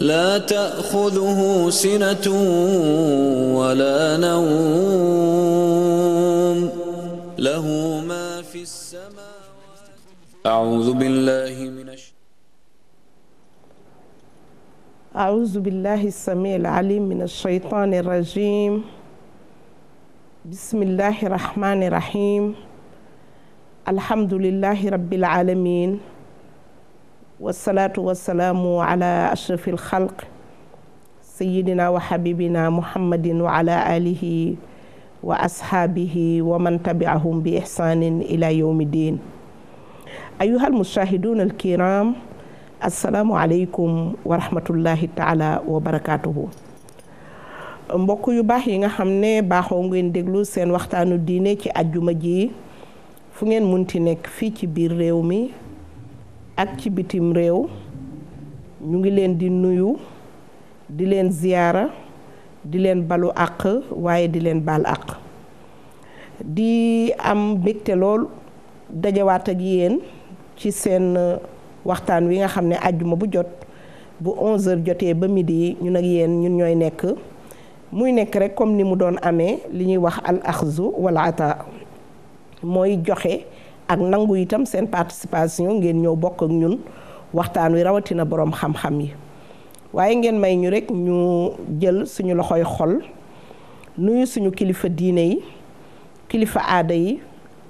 لا تأخذه سنة ولا نوم له ما في السماء أعوذ بالله من الشيطان أعوذ بالله السميع العليم من الشيطان الرجيم بسم الله الرحمن الرحيم الحمد لله رب العالمين wasalaatu wasalaamu ala ashrafi alxalq sayidina wa xabibina muhammadin wa ala wa ashaabihi wa man tabiahum bi ixsaanin ila yowmi diin ayuha almushahiduuna alkiram assalaamu aleykum wa rahmatullahi taala wa barakatuhu mbokk yu baax yi nga xam ne baaxoo ngeen déglu seen waxtaanu diine ci ajjuma ji fu ngeen munti nekk fii ci biir réew mi ak ci bitim réew ñu ngi leen di nuyu di leen ziyaara di leen balu àq waaye di leen baal àq di am mbégte lool dajawaat ak yéen ci seen uh, waxtaan wi nga xam ne àjjuma bu jot bu 11h jotee ba midi ñu nag yéen ñun ñooy nekk muy nekk rek comme ni mu doon amee li ñuy wax al axzu wala ata mooy joxe. ak nangu itam seen participation ngeen ñëw bokk ak ñun waxtaan wi rawatina boroom xam-xam yi waaye ngeen may ñu rek ñu jël suñu loxoy xol nuyu suñu kilifa diine yi kilifa aada yi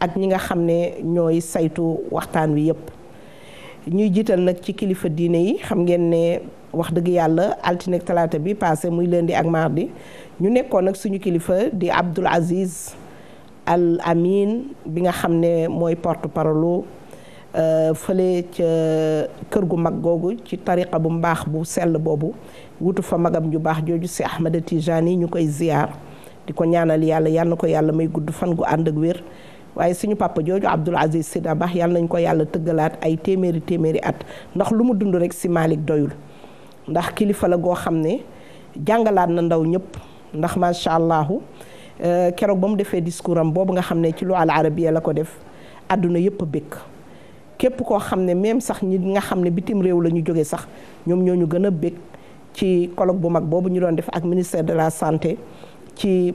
ak ñi nga xam ne ñooy saytu waxtaan wi yépp ñuy jiital nag ci kilifa diine yi xam ngeen ne wax dëgg yàlla altine ak talaata bi passé muy leen di ak mardi ñu nekkoon nag suñu kilifa di Abdoul Aziz al amin bi nga xam ne mooy porte parole euh, fële ca kër gu mag googu ci tariqa bu mbaax bu sell boobu wutu fa magam ju baax jooju si Ahmada Tijani ñu koy ziyaar di ko ñaanal yàlla yal na ko yàlla may gudd fan gu ànd ak wér waaye suñu papa jooju Abdoul Aziz Sy Dabakh yal nañ ko yàlla tëggalaat ay téeméeri téeméeri at ndax lu mu dund rek si Malick doyul ndax kilifa la goo xam ne jàngalaat na ndaw ñëpp ndax macha allahu Euh, keroog ba mu defee discours am boobu nga xam ne ci lu al arabiya la ko def àdduna yëpp a képp koo xam ne même sax ñi nga xam ne bitim réew la ñu jógee sax ñoom ñoo ñu gën a bég ci koloog bu mag boobu ñu doon def ak ministère de la santé ci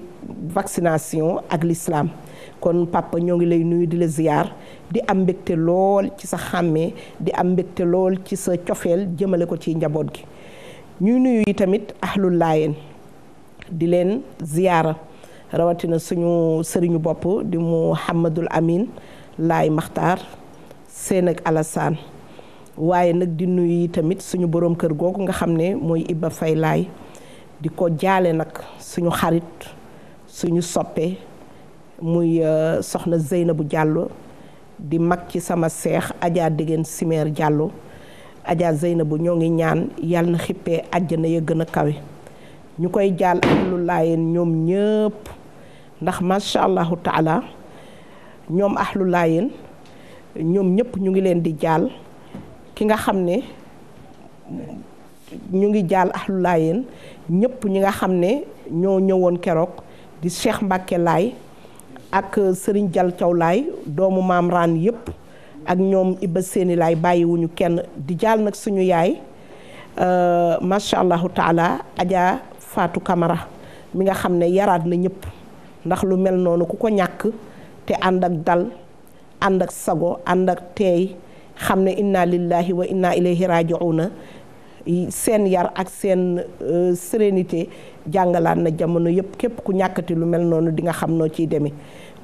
vaccination ak l'islam kon papa ñoo ngi lay nuyu di la ziyaar di am mbégte lool ci sa xàmmee di am mbégte lool ci sa cofeel jëmale ko ci njaboot gi ñuy nuyu yi tamit ahlul laayeen di leen ziyaara rawatina suñu sëriñu bopp di Mouhamadul Amin Laay maxtar seen ak Alassane waaye nag di nuyu tamit suñu borom kër googu nga xam ne mooy Iba Fay Laay di ko jaale nag suñu xarit suñu soppee muy euh, soxna Zeynabu Diallo di mag ci sama seex Adja Degen Simeer Diallo Adja Zeynabu ñoo ngi ñaan yàlla na xippee àjjana ya gën a kawe. ñu koy jaal ak lu laayeen ñoom ñëpp ndax macha allahu taala ñoom ahlu laayeen ñoom ñëpp ñu ngi leen di jaal ki nga xam ne ñu ngi jaal ahlu laayeen ñëpp ñi nga xam ne ñoo ñëwoon keroog di Cheikh Mbacke Laay ak Serigne Jal Thiaw Laay doomu maam raan yëpp ak ñoom Iba Seeni Laay bàyyiwuñu kenn di jaal nag suñu yaay euh, macha allahu taala Adja Fatou kamara mi nga xam ne yaraat na ñëpp ndax lu mel noonu ku ko ñàkk te ànd ak dal ànd ak sago ànd ak teey xam ne inna lillahi wa inna ilayhi na seen yar ak seen euh, sérénité jàngalaat na jamono yëpp képp ku ñàkkati lu mel noonu di nga xam noo ciy demee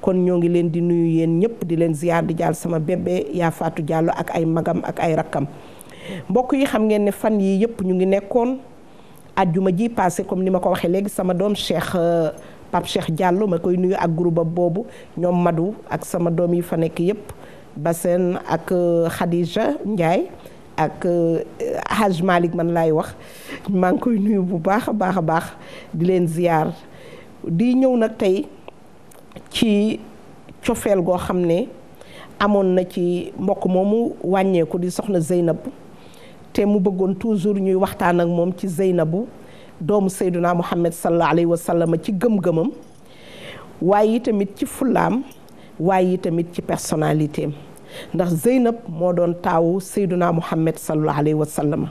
kon ñoo ngi leen di nuyu yéen ñëpp di leen ziar di jaal sama bébé yaa faatu Diallo ak ay magam ak ay rakkam mbokk yi xam ngeen fan yii yëpp ñu ngi nekkoon ajjuma ji passé comme ni ma ko waxee léegi sama doom Cheikh euh, Pape Cheikh jàll ma koy nuyu ak groupe boobu ñoom Madou ak sama doom yi fa nekk yëpp Bassène ak euh, Khadija Ndiaye ak euh, Haj Malick man laay wax maa ngi koy nuyu bu baax a baax a baax di leen ziyaar di ñëw nag tey ci cofeel goo xam ne amoon na ci mbokk moomu wàññeeku di soxna Zeynab te mu bëggoon toujours ñuy waxtaan ak moom ci Zeynabu doomu Seyduna Muhammad sallallahu alayhi wa sallam ci gëm-gëmam waaye tamit ci fulaam waaye tamit ci personnalité am ndax Zeynab moo doon taawu Seyduna Muhammad sallallahu alayhi wa sallam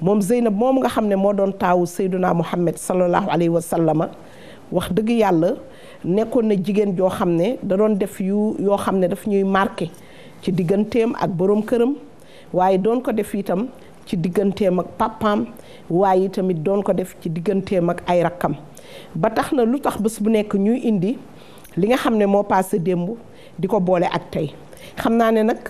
moom Zeynab moom nga xam ne moo doon taawu Seyduna Muhammad sallallahu alayhi wa sallam wax dëgg yàlla nekkoon na jigéen joo xam ne da doon def yu yoo xam ne dafa ñuy marqué ci digganteem ak boroom këram. waaye doon ko def itam ci digganteem ak papaam waaye tamit doon ko def ci digganteem ak ay rakkam ba tax na lu tax bés bu nekk ñuy indi li nga xam ne moo passé démb di ko boole ak tey xam naa ne nag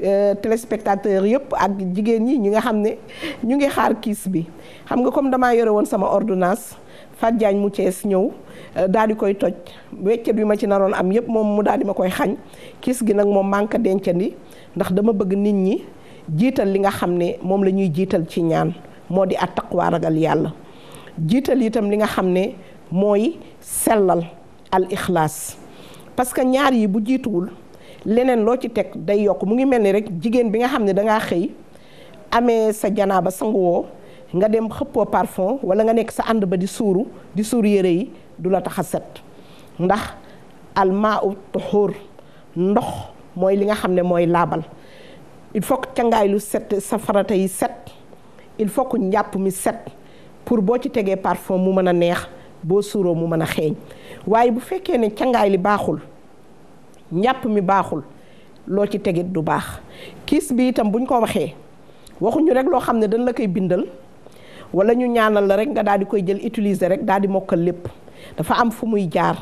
euh, téléspectateur yëpp ak jigéen ñi ñi nga xam ne ñu ngi xaar kiis bi xam nga comme damaa yore woon sama ordonnance Fat Diagne mu Cees ñëw euh, daal di koy toj weccet bi ma ci naroon am yëpp moom mu daal di ma koy xañ kiis gi nag moom manque dencandi ndax dama bëgg nit ñi jiital li nga xam ne moom la ñuy jiital ci ñaan moo di attaqwa ragal yàlla jiital itam li nga xam ne mooy sellal al ixlaas parce que ñaar yi bu jiituwul leneen loo ci teg day yokk mu ngi mel ni rek jigéen bi nga xam ne dangaa xëy amee sa janaa ba sanguwoo nga dem xëppoo parfum wala nga nekk sa ànd ba di suuru di suur yére yi du la tax a set ndax almaa u tuxur ndox mooy li nga xam ne mooy laabal il faut que cangaay lu set safarata yi set il faut que njàpp mi set pour boo ci tegee parfum mu mën a neex boo suuroo mu mën a xeeñ waaye bu fekkee ne cangaay li baaxul njàpp mi baaxul loo ci tegit du baax kiis bi itam buñ ko waxee waxuñu rek loo xam ne dañ la koy bindal wala ñu ñaanal la rek nga daal di koy jël utiliser rek daal di mokkal lépp dafa am fu muy jaar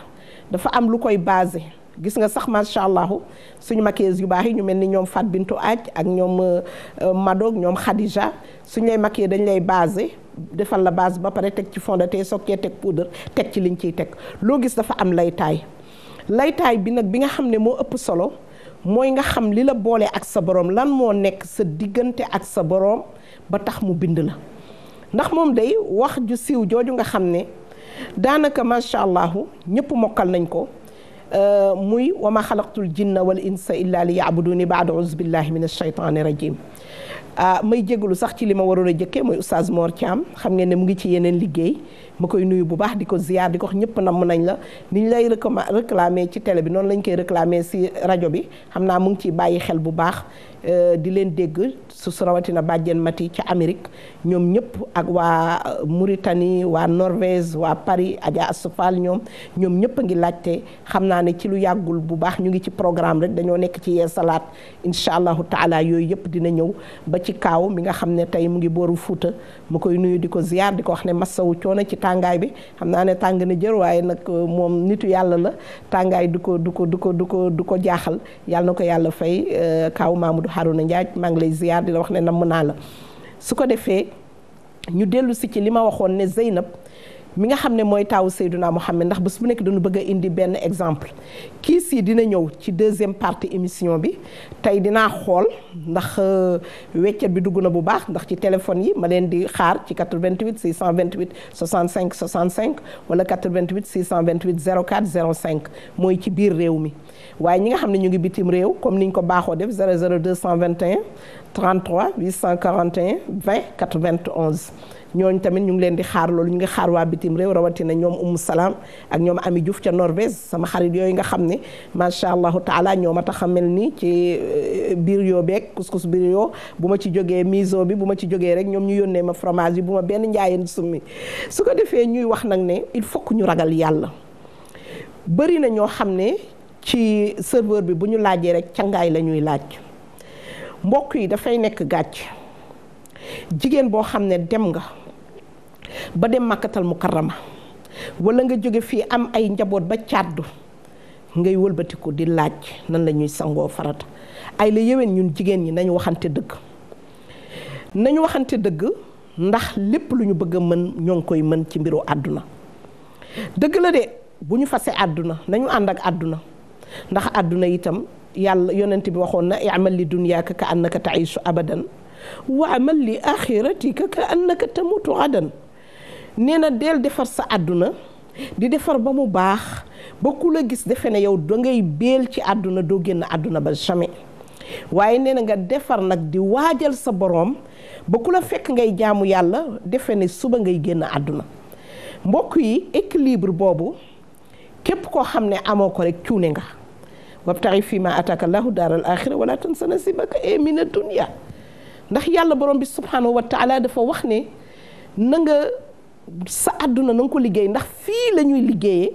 dafa am lu koy basé gis nga sax macha allahu suñu maquilleuses yu baax yi ñu mel ni ñoom Fat Bintou Aaj ak ñoom euh, euh, Madoog ñoom Khadija suñu lay maquillé dañ lay basé defal la base ba pare teg ci fond de teint teg poudre teg ci liñ ciy teg loo gis dafa am laytaay laytaay bi nag bi nga xam ne moo ëpp solo mooy nga xam li la boole ak sa borom lan moo nekk sa diggante ak sa boroom ba tax mu bind la ndax moom day wax ju siiw jooju nga xam ne daanaka macha allahu ñëpp mokkal nañ ko. Euh, muy wa ma xalaqtul jinna wal insa illa li yaabuduni baadu aus billahi min ashaytani rajim ah may jégalu sax ci li ma waroon a jëkke mooy oustaz Mor Thiam xam ngeen ne mu ngi ci yeneen liggéey ma koy nuyu bu baax di ko ziar di ko ñëpp namm nañ la ni ñu lay réclamer ci télé bi noonu lañ koy réclamer si rajo bi xam naa mu ngi ciy bàyyi xel bu baax euh, di leen dégg su rawatina bàjjen mati ca Amérique ñoom ñëpp ak waa euh, Mauritanie waa Norvège waa Paris Adja Asfal ñoom ñoom ñëpp a ngi laajte xam naa ne ci lu yàggul bu baax ñu ngi ci programme rek dañoo nekk ci salaat incha allahu taala yooyu yëpp dina ñëw ba ci kaaw mi nga xam ne tey mu ngi booru Fuuta mu koy nuyu di ko ziar di ko wax ne massawu coono ci tàngaay bi xam naa ne tàng na jër waaye nag euh, moom nitu yàlla la tàngaay du ko du ko du ko du ko du ko jaaxal yàlla na ko yàlla fay euh, kaaw Mamadou Harouna Ndiaye maa ngi lay ziar la wax ne namm naa la su ko defee ñu dellu si ci li ma waxoon ne Zeynab mi nga xam ne mooy taawu xam ne ndax bés bu nekk dañu bëgg indi benn exemple kii sii dina ñëw ci deuxième partie émission bi tey dinaa xool ndax euh, weccet bi dugg na bu baax ndax ci téléphone yi ma leen di xaar ci 88 628 65 65 wala 88 628 04 05 mooy ci biir réew mi. waaye ñi nga xam ne ñu ngi bitim réew comme niñ ko baaxoo def 00221 33 841 20 91 ñooñ tamit ñu ngi leen di xaar loolu ñu ngi xaar waa bitim réew rawatina ñoom Umu Salaam ak ñoom Ami Diouf ca Norvège sama xarit yooyu nga xam ne macha allahu taala ñoo ma tax a mel ni ci euh, biir beek beeg couscous biir yoo bu ma ci jógee miso bi bu ma ci jógee rek ñoom ñu yónnee ma fromage bu ma benn njaayeen summi su ko defee ñuy wax nag ne il faut que ñu ragal yàlla na ñoo xam ne ci serveur bi bu ñu laajee rek cangaay lañuy laaj mbokk yi dafay nekk gàcc jigéen boo xam ne dem nga ba dem màkkatal mukarrama walla nga jóge fii am ay njaboot ba càddu ngay wëlbatiku di laaj nan lañuy sangoo farata ay la yéwén ñun jigéen ñi nañu waxante dëgg nañu waxante dëgg ndax lépp lu ñu bëgg a mën ñoo ngi koy mën ci mbiru àdduna dëgg la de bu ñu fasee àdduna nañu ànd ak àdduna ndax àdduna itam yàlla yonent bi waxoon na i'mal li dunyaaka ka annaka ta'isu abadan wa li axiratika ka annaka tamutu gadan nee na deel defar sa àdduna di defar ba mu baax ba ku la gis defe ne yow da ngay ci àdduna doo génn àdduna ba jamais waaye nee na nga defar nag di waajal sa boroom ba ku la fekk ngay jaamu yàlla defe ne suba ngay génn àdduna mbokk yi équilibre boobu képp koo xam ne amoo ko rekk cuune nga wabtaxi fii ma ataka llahu daaral axira wala tansa nasibaka e mina dunya ndax yàlla borom bi subhanahu wa taala dafa wax ne nanga sa àdduna na ko liggéey ndax fii la ñuy liggéeyee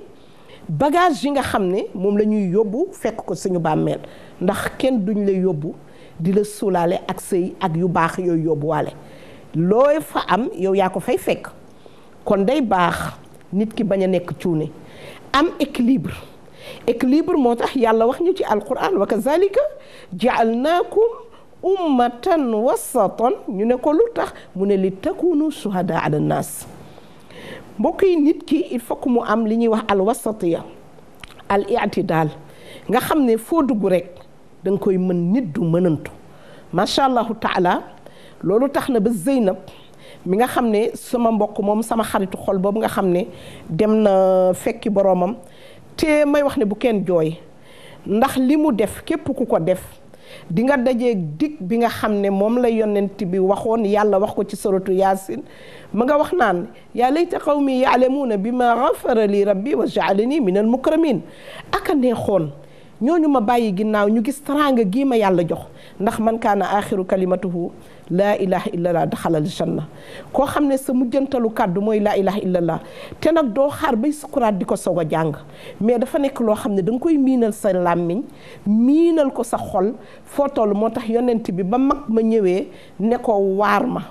bagage yi nga xam ne moom la ñuy yóbbu fekk ko suñu bàmmeel ndax kenn duñ lay yóbbu di la suulaale ak sëy ak yu baax yooyu yóbbuwaale looy fa am yow yaa ko fay fekk kon day baax nit ki bañ a nekk cuune am équilibre équilibre moo tax yàlla wax ñu ci alquran wa kazalika jaalnaakum ummatan wasatan ñu ne ko lu tax mu ne li takunu suhada ala naas mbokk yi nit ki il faut que mu am li ñuy wax al wasatiya al i'tidal nga xam ne foo dugg rek danga koy mën nit du mënantu macha allahu taala loolu tax na ba Zeynab mi nga xam ne sama mbokk moom sama xaritu xol boobu nga xam ne dem na fekki boroomam te may wax ne bu kenn jooy ndax li mu def képp ku ko def di nga dajee dig bi nga xam ne moom la yonent bi waxoon yàlla wax ko ci soratu yaasin ma nga wax naan yaa layta qawmi yaalamuuna bi ma xafara li rabbi wa jaalani min al mukramin aka neexoon ñooñu ma bàyyi ginnaaw ñu gis teraanga gii ma yàlla jox ndax man kaana axiru kalimatuhu laa ilaha illallah daxalal janna koo xam ne sa mujjantalu kàddu mooy laa ilaha illallah te nag doo xaar bay sukuraat di ko soog a jàng mais dafa nekk loo xam ne da koy miinal sa làmmiñ miinal ko sa xol foo toll moo tax yonent bi ba mag ma ñëwee ne ko waar ma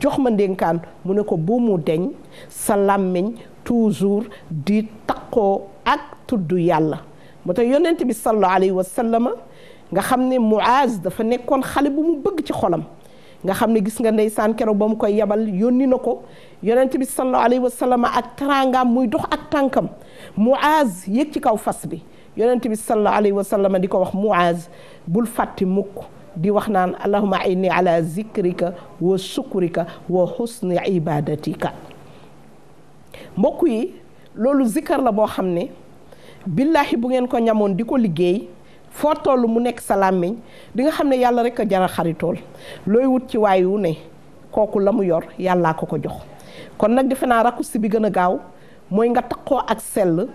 jox ma ndénkaan mu ne ko bu mu deñ sa làmmiñ toujours di takkoo ak tudd yàlla moo tax yonent bi sallallahu alayhi wa sallama nga xam ne Muaz dafa nekkoon xale bu mu bëgg ci xolam nga xam ne gis nga ndeysaan keroog ba mu koy yabal yónni na ko yonent bi sallallahu alayhi wa sallama ak teraangaam muy dox ak tànkam Muaz yéeg ci kaw fas bi yonent bi sallallahu alayhi wa sallama di ko wax Muaz bul fàtti mukk di wax naan allahuma ayni ala zikrika wa sukurika wa husni ibadatika mbokk yi loolu zikar la boo xam ne billahi bu ngeen ko ñamoon di ko liggéey foo toll mu nekk sa làmmiñ di nga xam ne yàlla rek a jaral xaritool looy wut ci waay wu ne kooku la mu yor yàlla ko ko jox kon nag defe naa raccourci bi gën a gaaw mooy nga takkoo ak sell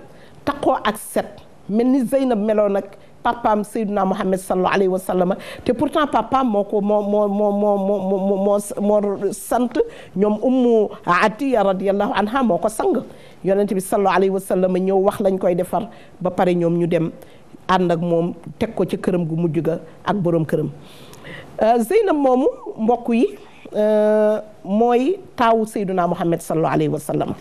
takkoo ak set mel ni Zeynab meloo nag papaam Seydina Mohamed sallallahu alayhi wa sallam te pourtant papaam moo ko moo moo moo moo moo moo moo sant ñoom ummu Atiya radiyallahu anha moo ko sang yonent bi sallallahu alayhi wa sallam ñëw wax lañ koy defar ba pare ñoom ñu dem ànd ak moom teg ko ci këram gu mujj ga ak borom këram euh, Zeynab moomu mbokk yi euh, mooy taawu Seydina Mohamed sallallahu alayhi wa sallam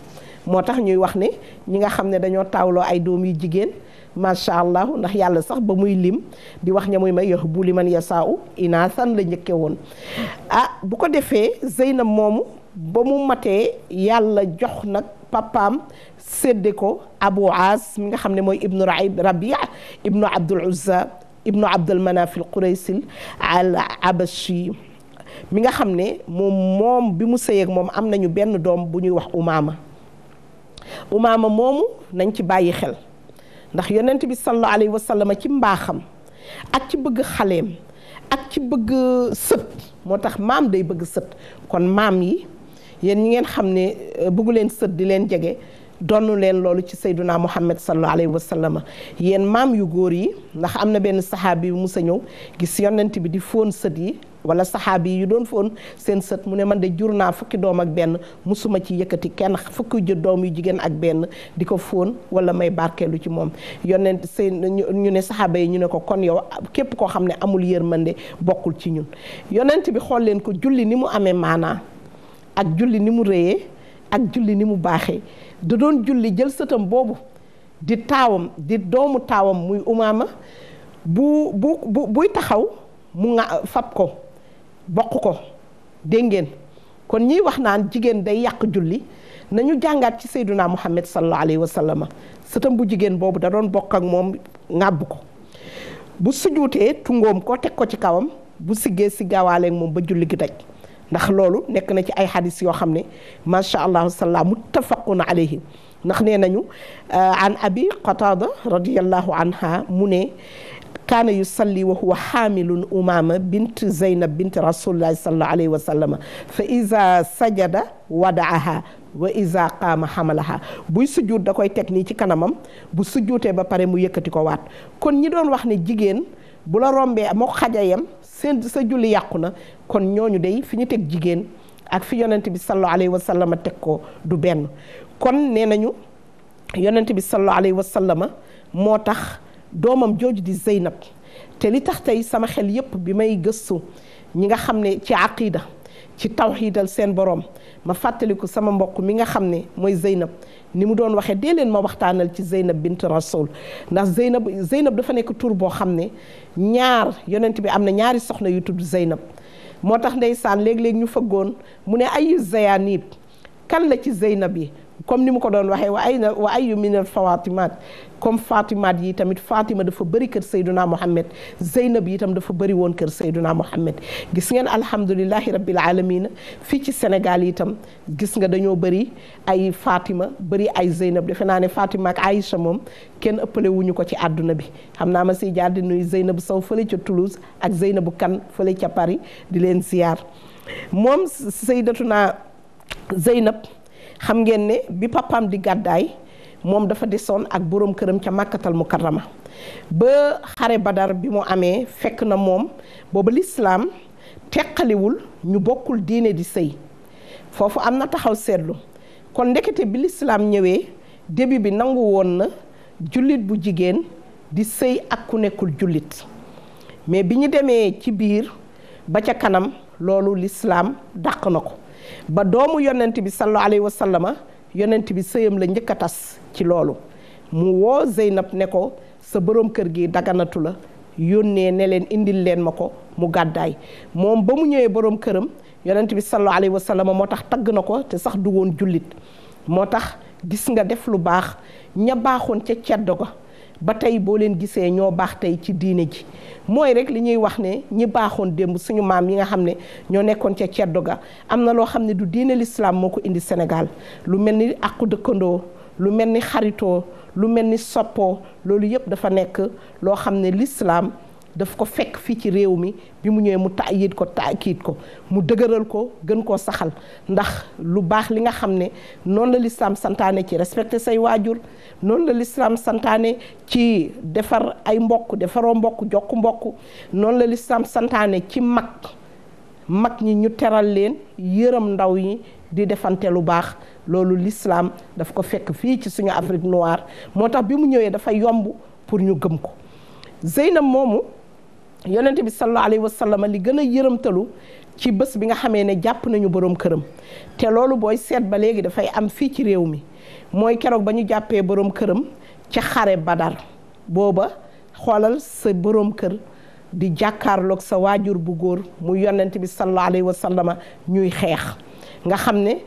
moo tax ñuy wax ne ñi nga xam ne dañoo taawloo ay doom yu jigéen. macha allah ndax yàlla sax ba muy lim di wax ña ma may yox bu liman yasaaw inaasan la njëkke woon a ah bu ko defee Zeynab moomu ba mu matee yàlla jox nag papaam sédde ko Abu Aas mi nga xam ne mooy ibnu Rabia ibnu Abdul Uzza ibnu Abdul Manaf al nga xam ne moom moom bi mu sëyeeg moom am nañu benn doom bu ñuy wax Umaama Umaama moomu nañ ci bàyyi xel ndax yonent bi sallallahu alayhi wa sallam ci mbaaxam ak ci bëgg xaleem ak ci bëgg sët moo tax maam day bëgg sët kon maam yi yéen ñi ngeen xam ne euh, bëggu leen sët di leen jege donnu leen loolu ci sayduna muhammad sallallahu alayhi wa sallam yéen maam yu góor yi ndax am na benn saxaabi yu musa ñëw gis yonent bi di fóon sët yi wala saxaabi yu doon foon seen sët mu ne man de jur naa fukki doom ak benn musuma ci yëkkati kenn fukki jë doom yu jigéen ak benn di ko foon wala may barkeelu ci moom yonent seen ñu ne saxaaba yi ñu ne ko kon yow képp koo xam ne amul man de bokkul ci ñun yonent bi xool leen ko julli ni mu amee maanaa ak julli ni mu réyee ak julli ni mu baaxee da doon julli jël sëtam boobu di taawam di doomu taawam muy umaama bu bu buy taxaw mu nga fab ko bokk ko dégg ngeen kon ñiy wax naan jigéen day yàq julli nañu jàngaat ci sayduna muhammad sallallahu alayhi wa sallam bu jigéen boobu da doon bokk ak moom ŋàbb ko bu sujuutee tungoom ko teg ko ci kawam bu siggee si gaawaaleeg moom ba julli gi daj ndax loolu nekk na ci ay xadis yoo xam ne macha allah salla na alayhi ndax nee nañu an abi qatada radiallahu anha mu ne kaana yusalli wa huwa xaamilun umaama bint zeynab bint rasulillahi sallallahu alayhi wa sallama fa iza sajada wadaaha wa iza qaama xamalaha buy sujjuut da koy teg nii ci kanamam bu sujjuutee ba pare mu yëkkati ko waat kon ñi doon wax ne jigéen bu la rombee moo xaja yam sa julli yàqu na kon ñooñu dey fi ñu teg jigéen ak fi yonent bi sallallahu alayhi wa sallama teg ko du benn kon nee nañu yonent bi sallallahu alayhi wa sallama moo tax doomam jooju di Zeynab te li tax tey sama xel yépp bi may gëstu ñi nga xam ne ci aqida ci tawxiidal seen borom ma fàttaliku sama mbokk mi nga xam ne mooy Zeynab ni mu doon waxee dee leen ma waxtaanal ci Zeynab bint Rasoul ndax Zeynab Zeynab dafa nekk tur boo xam ne ñaar yonent bi am na ñaari soxna yu tudd Zeynab moo tax saan léeg-léeg ñu fëggoon mu ne ay ayu zayaanib kan la ci Zeynab yi comme ni mu ko doon waxee wa ay na wa ayu minal fawatimat comme fatimat yi tamit fatima dafa bëri kër sayduna mouhammad zeynab yi tam dafa bëri woon kër sayduna mouhammad gis ngeen alhamdulilahi rabbil alamina fii ci sénégal itam gis nga dañoo bëri ay fatima bari ay zeynab defe naa ne fatima ak moom kenn ëppale wuñu ko ci àdduna bi xam naa ma si jaar di nuyu zeynabu saw fële ca toulouse ak zeynabu kan fële ca paris di leen ziyaar moom saydatuna zeynab xam ngeen ne bi papaam di gàddaay moom dafa desoon ak boroom këram ca màkkatal mukarrama ba xare badar bi mu amee fekk na moom booba lislaam teqaliwul ñu bokkul diine di sëy foofu am na taxaw seetlu kon ndekete bi lislaam ñëwee début bi nangu woon na jullit bu jigéen di sëy ak ku nekkul jullit mais bi ñu demee ci biir ba ca kanam loolu lislaam dàq na ko ba doomu yonent bi sallallahu alayhi wa sallama yonent bi sëyam la njëkk a tas ci loolu mu woo Zeynab ne ko sa boroom kër gi daganatu la yónnee ne leen indil leen ma ko mu gàddaay moom ba mu ñëwee boroom këram yonent bi sallallahu alayhi wa sallama moo tax tagg na ko te sax du woon jullit moo tax gis nga def lu baax ña baaxoon ca ceddo ga ba tey boo leen gisee ñoo baax tey ci diine ji mooy rek li ñuy wax ne ñi baaxoon démb suñu maam yi nga xam ne ñoo nekkoon ca ceddo ga am na loo xam ne du diine lislaam moo ko indi senegal lu mel ni àqu dëkkandoo lu mel ni xaritoo lu mel ni soppoo loolu yëpp dafa nekk loo xam ne lislaam daf ko fekk fii ci réew mi bi mu ñëwee mu taayit ko taakiit ko mu dëgëral ko gën koo saxal ndax lu baax li nga xam ne noonu la lislaam santaane ci respecté say waajur noonu la lislaam santaane ci defar ay mbokk defaroo mbokk jokk mbokk noonu la lislaam santaane ci mag mag ñi ñu teral leen yërëm ndaw yi di defante lu baax loolu lislaam daf ko fekk fii ci suñu Afrique noire moo tax bi mu ñëwee dafa yomb pour ñu gëm ko Zeynab moomu yonente bi sallallahu alayhi wa sallam li gën a yërëmtalu ci bés bi nga xamee ne jàpp nañu borom këram te loolu booy seet ba léegi dafay am fii ci réew mi mooy keroog ba ñu jàppee borom këram ca xare badar booba xoolal sa borom kër di jàkkaarloog sa waajur bu góor mu yonent bi sallallahu alayhi wa sallama ñuy xeex nga xam ne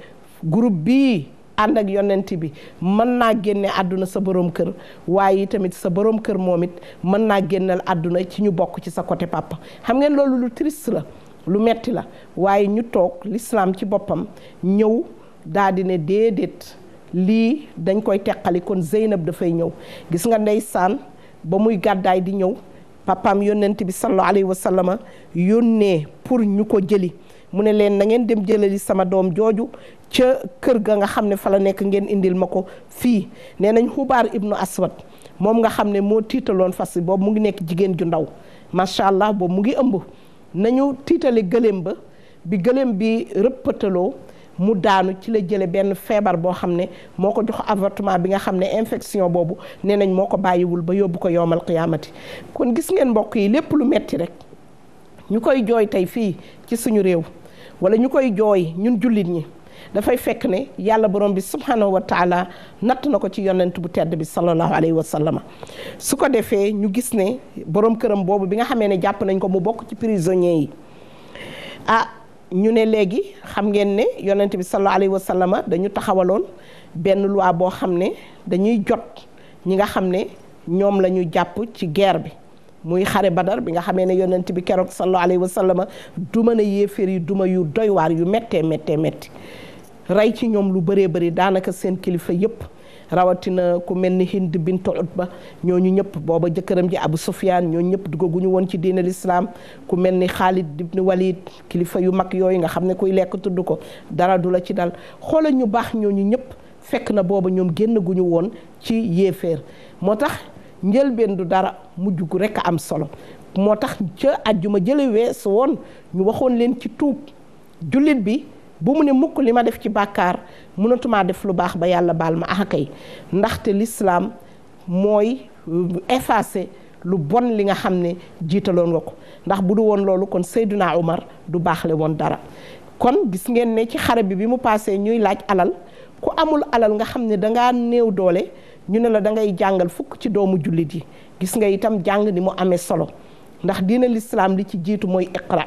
groupe bii ànd ak yonent bi mën naa génne àdduna sa boroom kër waaye tamit sa borom kër moom it mën naa génnal àdduna ci ñu bokk ci sa côté papa xam ngeen loolu lu triste la lu metti la waaye ñu toog l'islam ci boppam ñëw daal di ne déedéet lii dañ koy teqali kon Zeynab dafay ñëw gis nga ndey saan ba muy gàddaay di ñëw papaam yonent bi sallallahu alayhi wa sallama yónnee pour ñu ko jëli mu ne leen na ngeen dem jëlali sama doom jooju ca kër ga nga xam ne fa la nekk ngeen indil ma ko fii nee nañ xubaar ibnu aswad moom nga xam ne moo tiitaloon fas yi boobu mu ngi nekk jigéen ju ndaw macha allah boobu mu ngi ëmb nañu tiitali gëléem ba bi gëléem bi rëppataloo mu daanu ci la jële benn feebar boo xam ne moo ko jox avortement bi nga xam ne infection boobu nee nañ moo ko bàyyiwul ba yóbbu ko yoomal qiyaamati kon gis ngeen mbokk yi lépp lu metti rek ñu koy jooy tey fii ci suñu réew wala ñu koy jooy ñun jullit ñi dafay fekk ne yàlla borom bi subhanahu wa taala natt na ko ci yonent bu tedd bi sallallahu alayhi wa sallama su ko defee ñu gis ne borom këram boobu bi nga xamee ne jàpp nañ ko mu bokk ci prisonnier yi ah ñu ne léegi xam ngeen ne yonent bi sallallahu alayhi wa sallama dañu taxawaloon benn loi boo xam ne dañuy jot ñi nga xam ne ñoom la ñu jàpp ci guerre bi muy xare badar bi nga xamee ne yonent bi keroog sallallahu alayhi wa sallama duma na yéeféer yi duma yu doy yu méttee méttee métti rey ci ñoom lu bëree bëri daanaka seen kilifa yëpp rawatina ku mel ni Hind ba Utba ñooñu ñëpp booba jëkkëram ji Abu Sufyaan ñooñu ñëpp duggaguñu woon ci diinal islaam ku mel ni Xaalid ibn Walid kilifa yu mag yooyu nga xam ne kuy lekk tudd ko dara du la ci dal xoola ñu baax ñooñu ñëpp fekk na booba ñoom génn guñu woon ci yéeféer moo tax njëlbeen du dara mujj gu rekk am solo moo tax ca àjjuma jële weesu woon ñu waxoon leen ci tuub jullit bi bu mu ne mukk li ma def ci bàkkaar mënatumaa def lu baax ba yàlla baal ma ah ndaxte lislaam mooy euh, effacer lu bon li nga xam ne jiitaloon nga ko ndax bu du woon loolu kon Seydina Omar du baax baaxle woon dara kon gis ngeen ne ci xare bi bi mu paasee ñuy laaj alal ku amul alal nga xam ne dangaa néew doole ñu ne la da ngay jàngal fukk ci doomu jullit yi gis nga itam jàng ni mu amee solo ndax diina lislaam li ci jiitu mooy iqra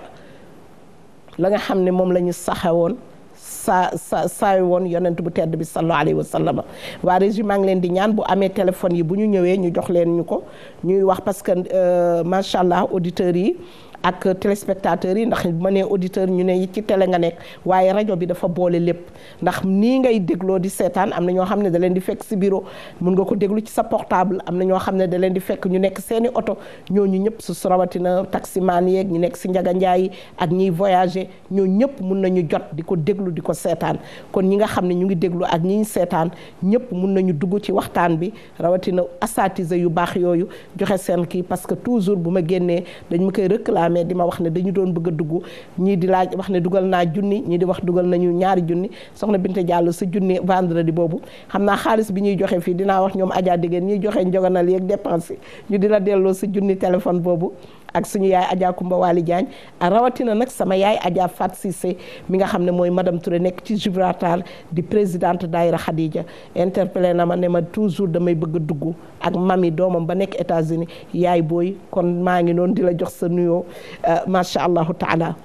la nga xam ne moom la ñu saxe woon saa sa saay woon yonent bu tedd bi sallallahu alayhi wa sallam waa Régis maa ngi leen di ñaan bu amee téléphone yi bu ñu ñëwee ñu jox leen ñu ko ñuy wax parce que euh, macha allah auditeurs yi ak téléspectateurs yi ndax ma nee auditeur ñu ne ci télé nga nekk waaye rajo bi dafa boole lépp ndax nii ngay dégloo di seetaan am na ñoo xam ne da leen di fekk si bureau mun nga ko déglu ci sa portable am na ñoo xam ne da leen di fekk ñu nekk seeni oto ñooñu ñëpp su rawatina tax taximaan yeeg ñu nekk si njaga njaay ak ñii voyager ñoo ñëpp mun nañu jot di ko déglu di ko seetaan kon ñi nga xam ne ñu ngi déglu ak ñi ñu seetaan ñëpp mun nañu dugg ci waxtaan bi rawatina asatise yu baax yooyu joxe seen kii parce que toujours bu ma génnee dañ ma koy réclamer mais di ma wax ne dañu doon bëgg dugg ñii di laaj wax ne dugal naa junni ñii di wax dugal nañu ñaari junni soxna Binte Diallo sa junni vendredi boobu xam naa xaalis bi ñuy joxe fii dinaa wax ñoom Adja Digeen ñuy joxe njoganal yeeg dépense ñu di la delloo si junni téléphone boobu ak suñu yaay Adja Kumba Waly Diagne rawatina nag sama yaay Adja Fat Cissé mi nga xam ne mooy madame Touré nekk ci Gibraltar di présidente Daïra Khadija interpellé na ma ne ma toujours damay bëgg a dugg ak mami doomam ba nekk États-Unis yaay booy kon maa ngi noonu di la jox sa nuyoo euh, macha allahu taala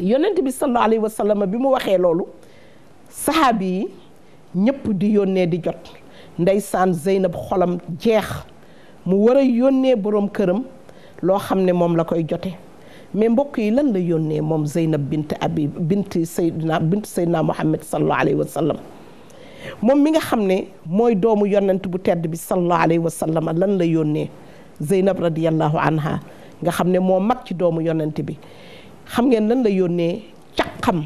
yonent bi sallallahu bi mu waxee loolu saxaabi yi ñëpp di yónnee di jot ndeysaan Zeynab xolam jeex mu war a yónnee borom këram. loo xam ne moom la koy jotee mais mbokk yi lan la yónnee moom Zeynab bint Abi bint Seydina bint Seydina Muhammad sallallahu alayhi wa sallam moom mi nga xam ne mooy doomu yonent bu tedd bi sallallahu alayhi wa sallam lan la yónnee Zeynab radiyallahu anha nga xam ne moo mag ci doomu yonent bi xam ngeen lan la yónnee caqam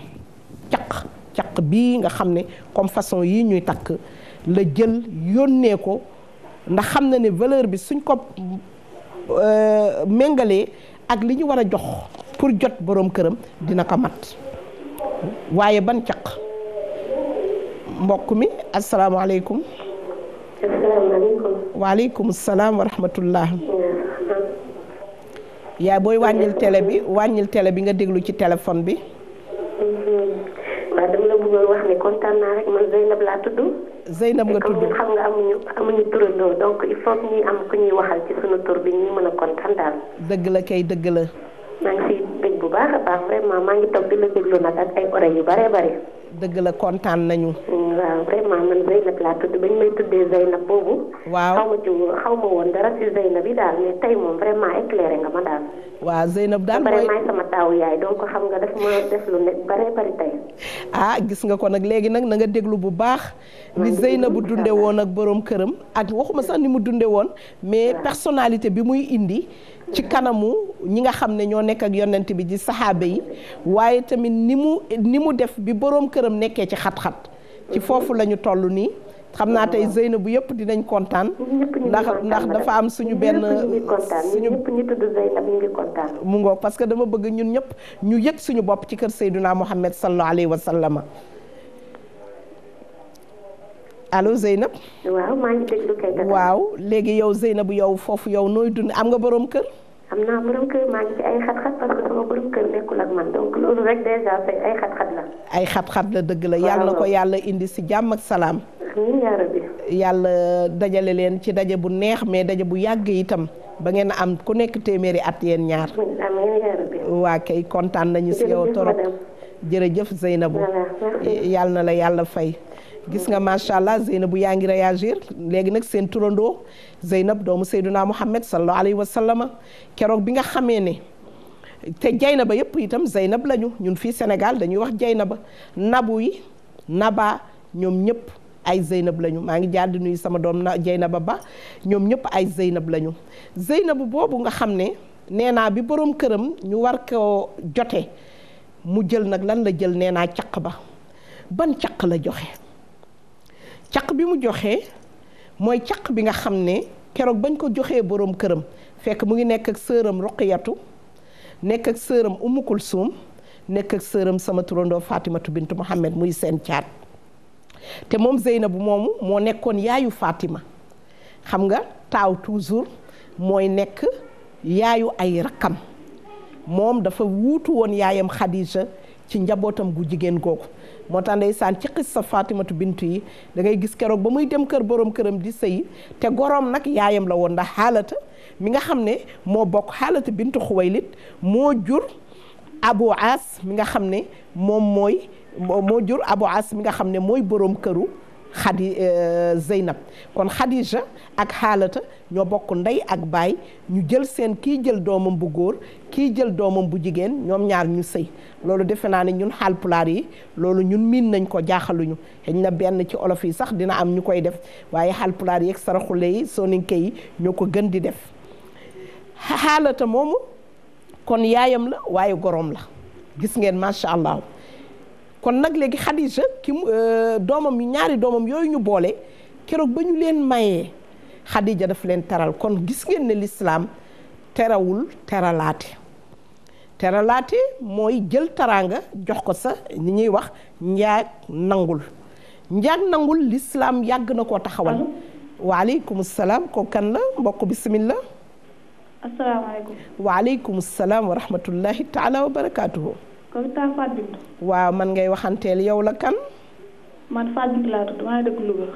caq caq bii nga xam ne comme façon yii ñuy takk la jël yónnee ko ndax xam na ne valeur bi suñ ko Euh, méngalee ak li ñu war a jox pour jot boroom këram dina ko mat waaye ban caq mbokk mi asalaamaaleykum. asalaamaaleykum. waaleykum salaam wa rahmatullah. booy wàññil télé bi wàññil télé bi nga déglu ci téléphone bi. Mhm. waaw dama la bëggoon wax ne kontaan naa rek man Zeynab laa tudd. Zeynab nga tudd comme xam nga amuñu amuñu turandoo donc il faut ñuy am ku ñuy waxal ci sunu tur bi ñu mën a kontaan daal. dëgg la kay dëgg la. maa ngi siy dégg bu baax a baax vraiment maa ngi toog di la déglu nag ak ay oreilles yu bare bare. dëgg la kontaan nañu. waaw vraiment man Zeynab laa tudd bañ may tuddee Zeynab boobu. waaw xaw ma ci woon dara si Zeynab bi daal mais tey moom vraiment éclairé nga ma daal. waaw Zeynab daal mooy sama taawu yaay donc xam nga daf ma def lu ne bare bari tey. ah gis nga ko nag léegi nag na nga déglu bu baax. li Zeynab bu dundee woon ak boroom këram ak waxuma sax ni mu dundee woon. mais personnalité bi muy indi. ci kanamu ñi nga xam ne ñoo nekk ak yonent bi di saxaaba yi waaye tamit ni mu ni mu def bi boroom këram nekkee ci xat-xat ci foofu la ñu toll nii xam naa tey Zeyna bu yëpp dinañ kontaan. ndax ndax dafa am suñu benn. suñu ñëpp mu ngoog parce que dama bëgg ñun ñëpp ñu yëg suñu bopp ci kër Seyduna Muhammad sallallahu alayhi wa sallama allo Zeynab. waaw maa ngi déglu kay. waaw léegi yow Zeynab yow foofu yow nooy dund am nga borom kër. am ay xat-xat la. dëgg la. yàlla ko yàlla indi si jàmm ak salaam. yàlla dajale leen ci daje bu neex mais daje bu yàgg itam. ba ngeen am ku nekk téeméeri at yéen ñaar. amiin waa kay kontaan nañu si yow torop jërëjëf Zeynabou. yàlla na la yàlla fay. gis nga macha allah Zeynab bu yaa ngi réagir léegi nag seen turandoo Zeynab doomu Seyduna Muhammad sallallahu alayhi wa sallam keroog bi nga xamee ne te Jaynaba yëpp itam Zeynab lañu ñun fii senegal dañuy wax Jaynaba nabu yi naba ñoom ñëpp ay Zeynab lañu maa ngi jaar di nuyu sama doom na Jaynaba ba ñoom ñëpp ay Zeynab lañu Zeynab boobu nga xam ne nee naa bi boroom këram ñu war ko jote mu jël nag lan la jël nee naa caq ba ban caq la joxe. caq bi mu joxee mooy caq bi nga xam ne keroog bañ ko joxee boroom këram fekk mu ngi nekk ak sëram Ruqiyatu nekk ak sëram Umu Kulsum nekk ak sëram sama turandoo Fatimatu bintu Muhammad muy seen caat te moom Zeynabu moomu moo nekkoon yaayu Fatima xam nga taaw toujours mooy nekk yaayu ay rakkam moom dafa wuutu woon yaayam Khadija ci njabootam gu jigéen googu moo tax ndeysaan ci xis sa Fatimatu bintu yi dangay gis keroog ba muy dem kër borom këram di sëyi te goroom nag yaayam la woon ndax xaalata mi nga xam ne moo bokk xaalata bintu xuwaylit moo jur Abu As mi nga xam ne moom mooy moo jur Abu As mi nga xam ne mooy borom këru xadi euh, Zeynab kon Xadija ak xaalata ñoo bokk ndey ak baay ñu jël seen kii jël doomam bu góor kii jël doomam bu jigéen ñoom ñaar ñu sëy loolu defe naa ne ñun Haalpulaar yi loolu ñun miin nañ ko jaaxaluñu xëy na benn ci olof yi sax dina am ñu koy def waaye Haalpulaar yi ak saraxule yi soninke yi ñoo ko gën di def xaalata moomu kon yaayam la waaye gorom la gis ngeen macha allah. kon nag léegi Khadija ki mu euh, doomam ñaari doomam yooyu ñu boole keroog ba ñu leen mayee Khadija daf leen teral kon gis ngeen ne lislaam terawul teralaate teralaate mooy jël taraanga jox ko sa ñi ñuy wax njaag nangul njaag nangul lislaam yàgg na koo taxawal waaleykum salaam ko kan la mbokk bismillah asalaamaaleykum waaleykum salaam wa rahmatullahi taala wa barakaatuhu Kavita Fatou Bintou. waaw man ngay waxanteel yow la kan. man Fatou Bintou laa tudd maa ngi dëkk Louga.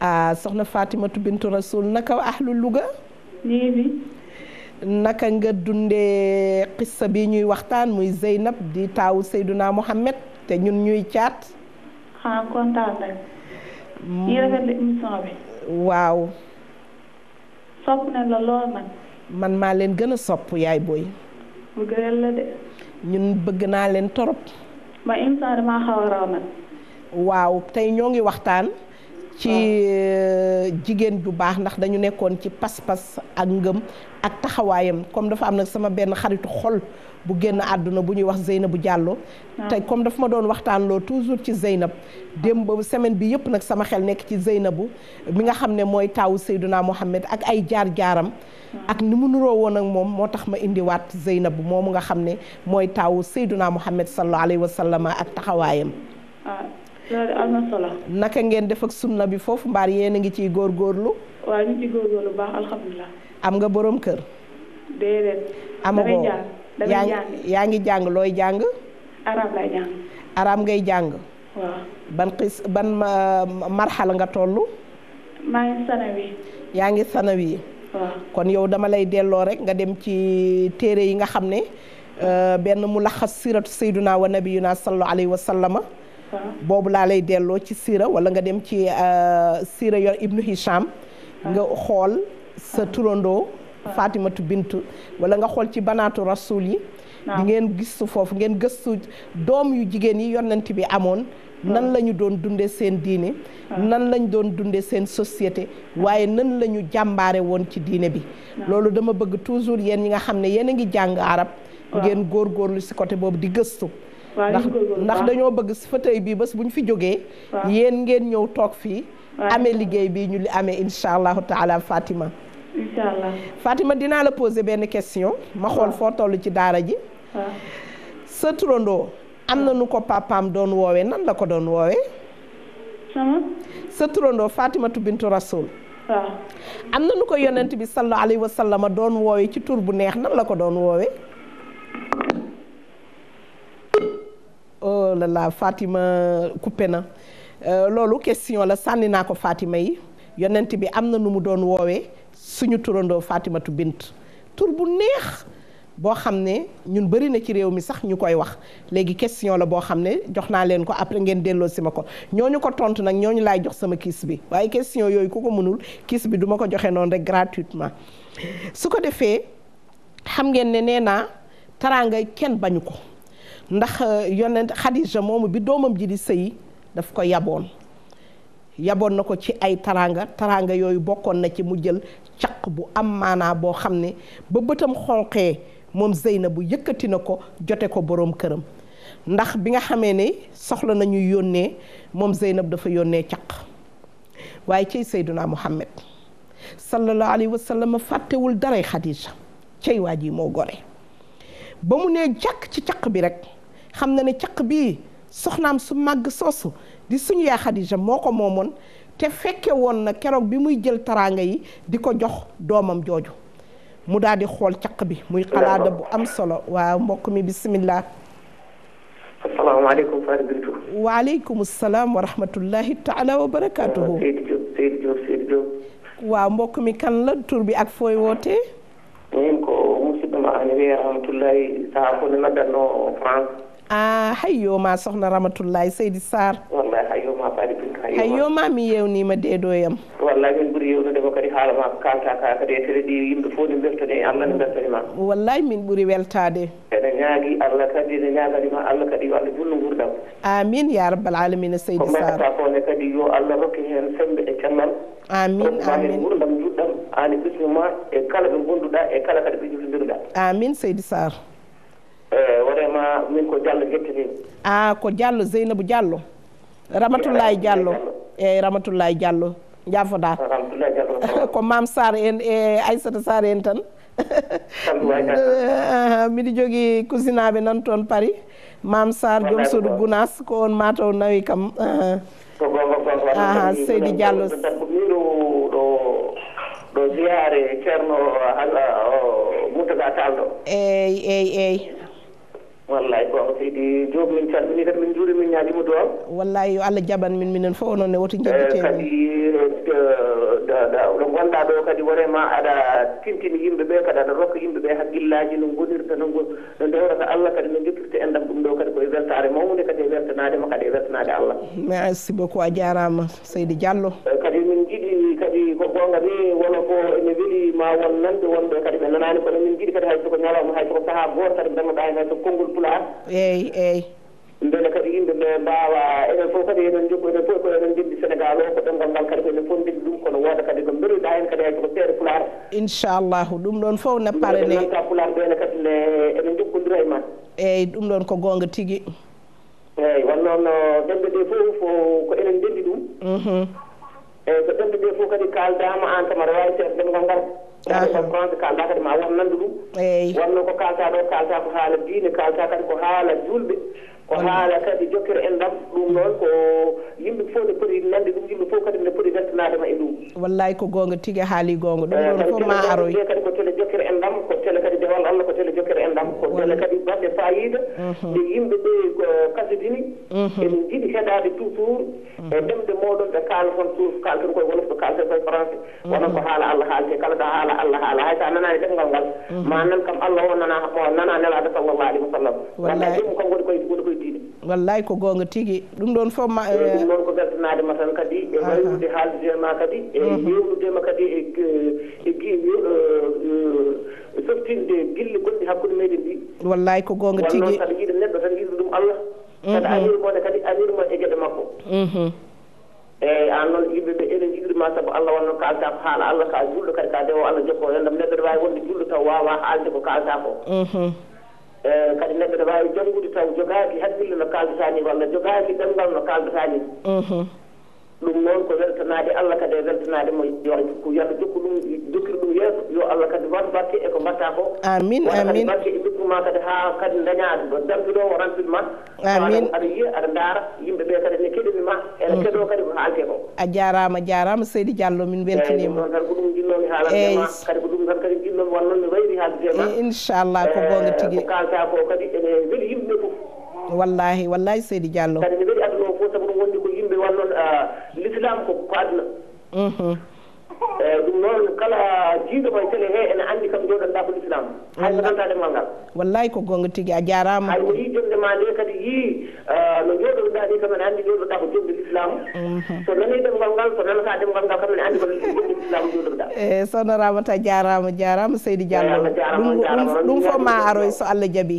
ah soxna Fatimatu Bintu Rasoul naka ahlu Louga. ñu ngi naka nga dundee xissa bi ñuy waxtaan muy Zeynab di taawu seyduna Mohamed te ñun ñuy caat. xanaa kontaan rek. Mm. ñi rafetlu émission bi. waaw. sopp na la lool man. man maa leen gën a sopp yaay booy. ñun bëgg naa leen torop ma waaw tey ñoo ngi waxtaan ci euh, jigéen ju baax ndax dañu nekkoon ci pas-pas ak ngëm ak taxawaayam comme dafa am nag sama benn xaritu xol bu génn àdduna bu ñuy wax Zeynab Diallo ah. te comme dafa ma doon waxtaan loo toujours ci Zeynab démb semaine bi yëpp nag sama xel nekk ci Zeynabu bi nga xam ne mooy taawu Seydouna Mohamed ak ay jaar-jaaram ah. ak ni mu nuroo woon moom moo tax ma indiwaat Zeynab moomu nga xam ne mooy taawu Seydouna Mohamed sallallahu alayhi wa sallam ak taxawaayam ah, naka ngeen def ak sunna bi foofu mbaar yéen a ngi ciy góorgóorlu. waaw ñu ngi ciy góorgóorlu baax alhamdulilah. am nga borom kër. yaa ngi yaa jàng looy jàng. arab ngay jàng. waaw ban marxala nga toll. yaa ngi sanawi. waaw kon yow dama lay delloo rek nga dem ci téere yi nga xam ne. Euh, benn mu laxas siiratu sayduna wa nabiyuna sallallahu alayhi wa sallama boobu laa lay delloo ci siira wala nga dem ci euh, siira yor ibnu Hisham. nga xool. sa turandoo faatimatu Bintu wala nga xool ci banaatu rasul yi di ngeen gistu foofu ngeen gëstu doom yu jigéen yi yonent bi amoon nan la ñu doon dunde seen diine nan lañ doon dunde seen société waaye nan la ñu jàmbaare woon ci diine bi loolu dama bëgg toujours yéen ñi nga xam ne yéen a ngi jàng arab ngeen góorgóorlu si côté boobu di gëstu ndax ndax dañoo bëgg fauteuil bi bés bu ñu fi jógee yéen ngeen ñëw toog fii amee liggéey bii ñu li amee incha allahu taala Fatima incha allah Fatima dinaa la poser benn question. ma xool foo toll ci daara ji. sa turandoo. am na nu ko papaam doon woowe nan la ko doon woowe sama. sa turandoo Fatimatu Bintu Rasul. am na nu ko yonent bi sallallahu alayhi wa sallama doon woowe ci tur bu neex nan la ko doon woowee. oh là là Fatima coupé na euh, loolu question la sànni naa ko Fatima yi yonent bi am na nu mu doon woowee. suñu turandoo Fatimatu Bint tur bu neex boo xam ne ñun bëri na ci réew mi sax ñu koy wax léegi question la boo xam ne jox naa leen ko après ngeen delloo si ma ko ñooñu ko tontu nag ñooñu laay jox sama kiis bi waaye question yooyu ku ko mënul kiis bi duma ko joxe noonu rek gratuitement su ko defee xam ngeen ne nee naa taraanga kenn bañu ko ndax euh, yonent Xadija moomu bi doomam ji di sëyi daf ko yaboon yaboon na ko ci ay taranga taraanga yooyu bokkoon na ci mu jël caq bu am maanaa boo xam ne ba bëtam xonqee moom Zeynabu yëkkati na ko jote ko boroom këram ndax bi nga xamee ne soxla nañu yónnee moom Zeynab dafa yónnee caq waaye cey Seyduna Muhammad sallallahu alayhi fàttewul daray Xadija cey waa ji moo gone ba mu nee jàkk ci caq bi rek xam na ne caq bii soxnaam su màgg soosu di suñu yaa Xadija moo ko moomoon te fekke woon na keroog bi muy jël taraanga yi di ko jox doomam jooju mu daal xool caq bi muy xalaada bu am solo waaw mbokk mi bisimilah. asalaamaaleykum salaam wa rahmatullahi mbokk mi kan la tur bi ak fooy wootee. min ko musidɗo ma ne wiye ramatullahi saa a hayyo ma sohna ramatullahi ma paadi bin ka hay yoma mi yewnima ɗeɗo yam wallahi min ɓuuri yewnude ko kadi haala ma kalta ka kadi e télé ɗi yimɓe fof ne beltoni e allah ne wallahi min ɓuuri weltade ene ñaagui allah kadi ne ñaganima amin ya rabbal alamina seydi sar ko eh, mbaɗata kone min ko diallo guettini a ah, ko diallo zeynabou diallo Ramatoulaye Diallo eyyi Ramatoulaye Diallo jafoɗa ko Mame Sar en e Aissata en tan eh, miɗo jogui cousine aɓe nan toon Paris Mame Sar joom suudu Gounas ko on nawi kam eh, ko gonga juuri min ñaadimo duwam wallayi yo allah jaɓan min minen fof onon ne woti jaɓite kadi ɗo gonɗa ɗo kadi vraiment aɗa tintini yimɓe ɓe kadi aɗa rokka yimɓe ɓe haqqillaji no gonirta no no dewrata allah kadi no jokkirta endam ɗum ɗo kadi koye weltare mawde kadi e weltanadema kadi e weltanade allah merci beaucoup a jarama seydi diallo eh, kadi min jiiɗi kadi ko gonga ni wona ko ene ma won nande wonɓe kadi ɓe nanani min jiiɗi kadi hay soko ñalawma hay soko saaha goto kadi mbemmoɗa hen hay soko konngol pulaar eyyi eyyi yimɓe mbawa enen fof kadi enen joggo enen fof ko enen joggi sénégal o ko ɗemgal ngal kadi konen fof joggi ɗum kono wooda kadi ko mbiriɗa hen kadi hay koko seeɗa pular inchallahu ɗum ɗon fof ne parene pular ɓene kadi ne enen jokkodira e man eyyi ɗum ɗon ko gonga tigui eyyi won noon ɗemɓe ɗe fof ko enen ndenndi ɗum mhm. eyyi so ɗemɓe ɗe fof kadi kaldama an kam aɗa wawi seeɗa ɗemgal ngal france kalda kadi ma won nandu ɗum eyyi wonno ko kalta ɗo kalta ko haala diine kalta kadi ko haala julɓe o haala kadi jokkira en ɗam ɗum noon ko yimɓe fof no poti nande ɗum yimɓe fof kadi no poti wertanadema e ɗum wallay ko gonga tigui haali gonga ɗum eh, ɗon ma aroy kadi ko tele jokkira en ɗam ko tele kadi dewal allah ko tele jokkira en ɗam ko tele kadi baɗɗe fayida mhm. nde yimɓe ɓe kasidini mhm. eɓe jiiɗi heɗade toujours e ɗemde mhm. moɗon ɓe kaala toon toujours kalten koye wolof ɓe kalten koye français wonon ko haala allah haalte kala ko haala allah haala hay sa nanani e ɗemgal ngal ma nan kam allah o nana nana nelaɗo sallllahu wa wallayi ko gonga tigui ɗum ɗon fof ma eh, ɗum noon ko weltanade ma tan kadi e waylude haaldude ma kadi e mhm. yewnudema kadi e, e, e, e softinde gille gonɗi hakkude meɗen ɗi wallayi ko gonga tigui saɗa yiiɗa neɗɗo tan yiɗa ko allah saɗa mhm. anirmone kadi anirma e gueɗe makko mhm. eyyi noon yimɓeɓe ene allah ko haala allah ka julɗo kadi ka dewo allah jokko rendam neɗɗo ne wawi wonde julɗo taw wawa haalde ko kalta kadi neɗɗo ne wawi janngude taw jogaaki hakkille no kaldata ni walla jogaaki ɗemngal no kaldata ni mhm. ɗum noon ko weltanade allah kadi e weltanade mo yo yallah jokku ɗum jokkiri ɗum yeeso yo allah kadi wat bakke eko mbatta ko amin amin bakke e kadi ha kadi daña dampiɗowo rampide ma amin aɗa yiya aɗa daara yimɓe ɓe kadi ne keɗimi e mhm. kadi ko haalte ko a jarama jarama seydi diallo min beltanima ɗum tan e eh, inchallah ko gonga eh, tigui ko kalta ko kadi ene kala jiiɗomo e ko l'islam tigi a jarama hay o yii jomde ma kadi yii uh, no jooɗoɗa ni kam ene anndi jooɗoɗa ko jomde l'islam mhm. so nani sono ramata jarama jarama seydi diallo ɗum fof ma aroy so allah jaaɓi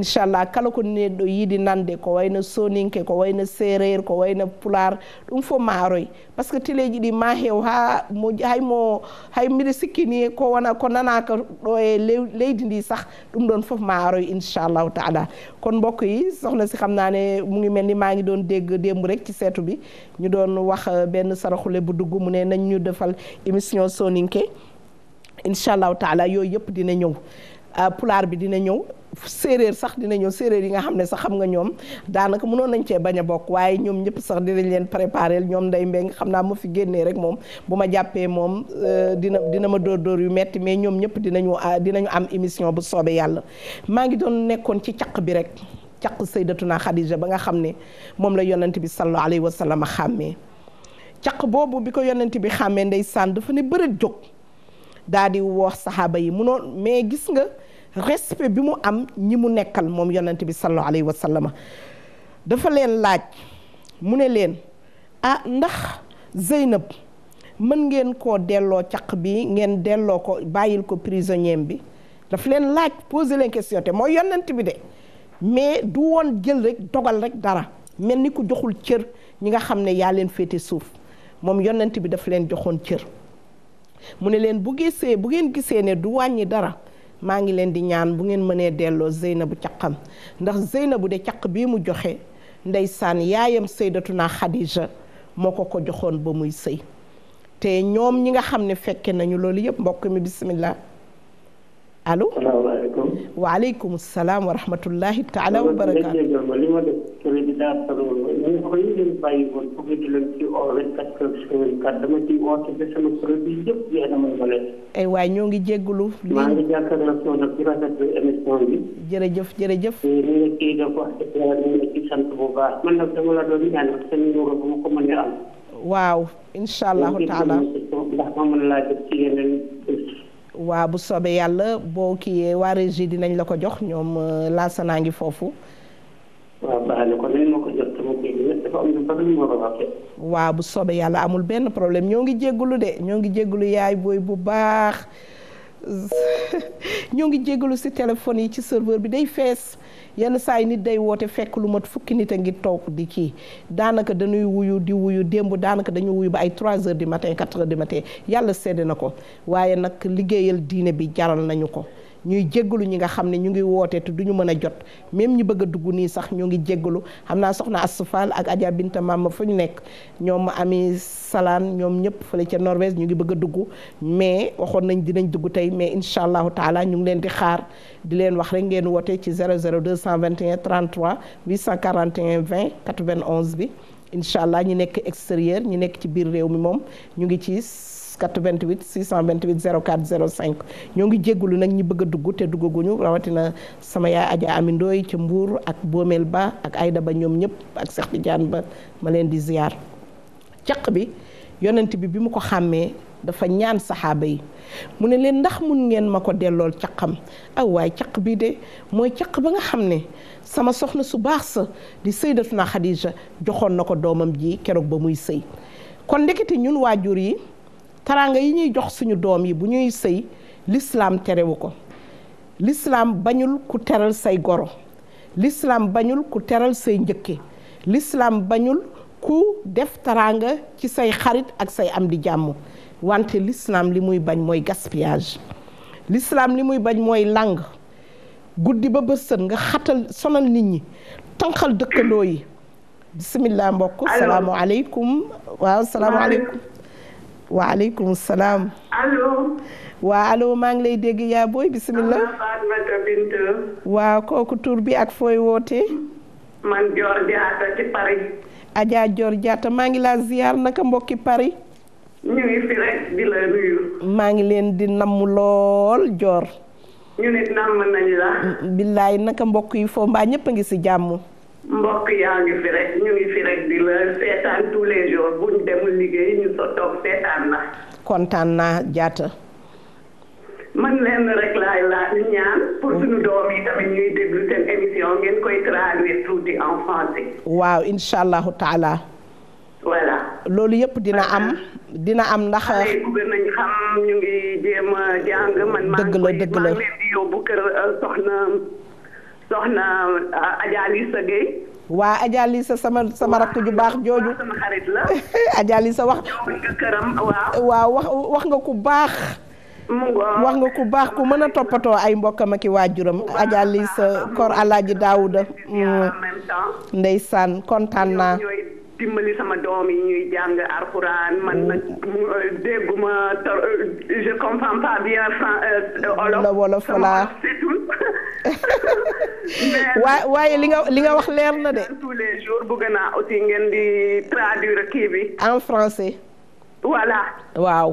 allah kala ko neɗɗo yiiɗi nande ko wayno soninke ko na séréer ko wayno pular ɗum fof ma aroy par ce que teleji ɗi ma heew ha mo haymo hay mbiɗa sikkini ko wona ko nanaka ɗo e leydi ndi sah ɗum ɗon fof ma aroy inchallahu taala kono mbokk yi sohna si xam naa ne mu ngi mel ni maa ngi doon dégg démb rek ci seetu bi ñu doon wax euh, benn saraxule bu dugg mu ne nañ ñu defal émission soninke inchallahu taala yooyu yëpp dina ñëw euh, pulaar bi dina ñëw séeréer sax dina ñëw séeréer yi nga xam ne sax xam nga ñoom daanaka mënoon nañ cee bañ bokk waaye ñoom ñëpp sax dinañ leen préparé ñoom nday mbéy nga xam naa ma fi génnee rek moom bu ma jàppee moom euh, dina dina ma dóor dóor yu metti mais ñoom ñëpp dinañu euh, dinañu am émission bu soobee yàlla maa ngi doon nekkoon ci caq bi rek caq saydatuna Xadija ba nga xam ne moom la yonent bi sallallahu alayhi wa sallam xàmmee caq boobu bi ko yonent bi xàmmee ndeysaan dafa ne bëreet jóg daa gis nga respect bi mu am ñi mu nekkal moom yonent bi sallallahu alayhi wa sallam dafa leen laaj mu ne leen ah ndax Zeynab mën ngeen koo delloo caq bi ngeen delloo ko bàyyil ko prisonnier bi daf leen laaj poser leen question te mooy yonent bi de mais du woon jël rek dogal rek dara mel ni ku joxul cër ñi nga xam ne yaa leen féete suuf moom yonent bi daf leen joxoon cër mu ne leen bu gisee bu ngeen gisee ne du wàññi dara maa ngi leen di ñaan bu ngeen mënee delloo Zeynabu caqam ndax Zeynabu de caq bii mu joxe ndeysaan yaayam seydatu Sayyidatuna Xadija moo ko ko joxoon ba muy sëy te ñoom ñi nga xam ne fekke nañu loolu yëpp mbokk mi bisimilah allo. salaamaaleykum. waaleykum salaam wa rahmatullahi taala wa barakaatu. a waay ñoo ngi jégalu. maa ngi jàkkaarloo nag di rafetlu émission bi. jërëjëf jërëjëf. yàlla waaw incha allahu taala waaw bu soobee yàlla boo kiiyee waa régie dinañ la ko jox ñoom euh, laasana ngi foofu. waa bu soobee yàlla amul benn problème ñoo ngi jéggulu de ñoo ngi jéggulu yaay booy bu baax ñoo ngi jéggulu si téléphone yi ci serveur bi day fees yenn saa yi nit day woote fekk lu mat fukki nit a ngi toog di kii daanaka danuy wuyu di wuyu démb daanaka dañuy wuyu ba ay trois heures du matin 4 heures du matin yàlla sedd na ko waaye nag liggéeyal diine bi jaral nañu ko ñuy jéggalu ñi nga xam ne ñu ngi woote te duñu mën a jot même ñi bëgg a dugg nii sax ñu ngi jéggalu xam naa soxna Asfal ak Adja Binta ma fu ñu nekk ñoom ami salaan ñoom ñëpp fële ca Norvège ñu ngi bëgg a dugg mais waxoon nañ dinañ dugg tey mais incha allahu taala ñu ngi leen di xaar di leen wax rek ngeen wootee ci cent 00 221 33 841 20 91 bi incha allah ñi nekk extérieur ñi nekk ci biir réew mi moom ñu ngi ci. 88 628 04 05 ñoo ngi jéggulu nag ñi bëgg dugg te duggaguñu rawatina sama yaay Adja Amindooy ca Mbuur ak Boomeel Ba ak Ayda Ba ñoom ñëpp ak Cheikh jaan Ba ma leen di ziar caq bi yonent bi bi mu ko xàmmee dafa ñaan saxaaba yi mu ne leen ndax mun ngeen ma ko dellool caqam aw waaye caq bii de mooy caq ba nga xam ne sama soxna su baax sa di Sayyidatuna Xadija joxoon na ko doomam ji keroog ba muy sëy kon ndekete ñun waajur yi taraanga yi ñuy jox suñu doom yi bu ñuy sëy lislaam terewu ko lislaam bañul ku teral say goro lislaam bañul ku teral say njëkke lislaam bañul ku def taraanga ci say xarit ak say am di jàmm wante lislaam li muy bañ mooy gaspillage lislaam li muy bañ mooy làng guddi ba bësën nga xatal sonal nit ñi tanqal dëkkandoo yi bisimilah mbokk salaamaaleykum waaw salaamaaleykum waaleykum salaam. allo. waa allo maa ngi lay dégg yaa booy waa kooku tur bi ak fooy woote man Dior Diatta ci Paris. Adja Dior Diatta maa ngi laa ziar naka mbokki Paris. maa ngi leen di nammu lool Dior. ñu billaay naka mbokk yi foo mbaa ñëpp a ngi si jàmmu mbokk yaa ngi fi rek ñu ngi fi rek seetaan tous les jours buñ demul liggéey ñu so seetaan la kontaan naa jaata man lenn rek laay ñaan pour suñu doom yi tamit ñuy déglu seen émission ngeen koy traduire tuuti en français waaw incha allahu taala voilà loolu yëpp dina am dina am ndax bëgg nañ xam ñu ngi jéem jàng man maa ngi leen di yóbbu kër euh, soxna Euh, waa Adja Lissa sama sama ju baax jooju. sama xarit la. Adja wax. këram wax wax nga ku baax. ku baax mën a toppatoo ay mbokkam aki i waajuram Adja Lissa kor Alaaji Daawuda ndeysaan kontaan naa. dimbali sama doom yi ñuy jàng alxuraan man nag dégguma je comprends pas bien euh, wolof wolof voilà waaye li nga li nga wax leer na de. tous les jours bëgg naa aussi ngeen di traduire kii en français. voilà. waaw.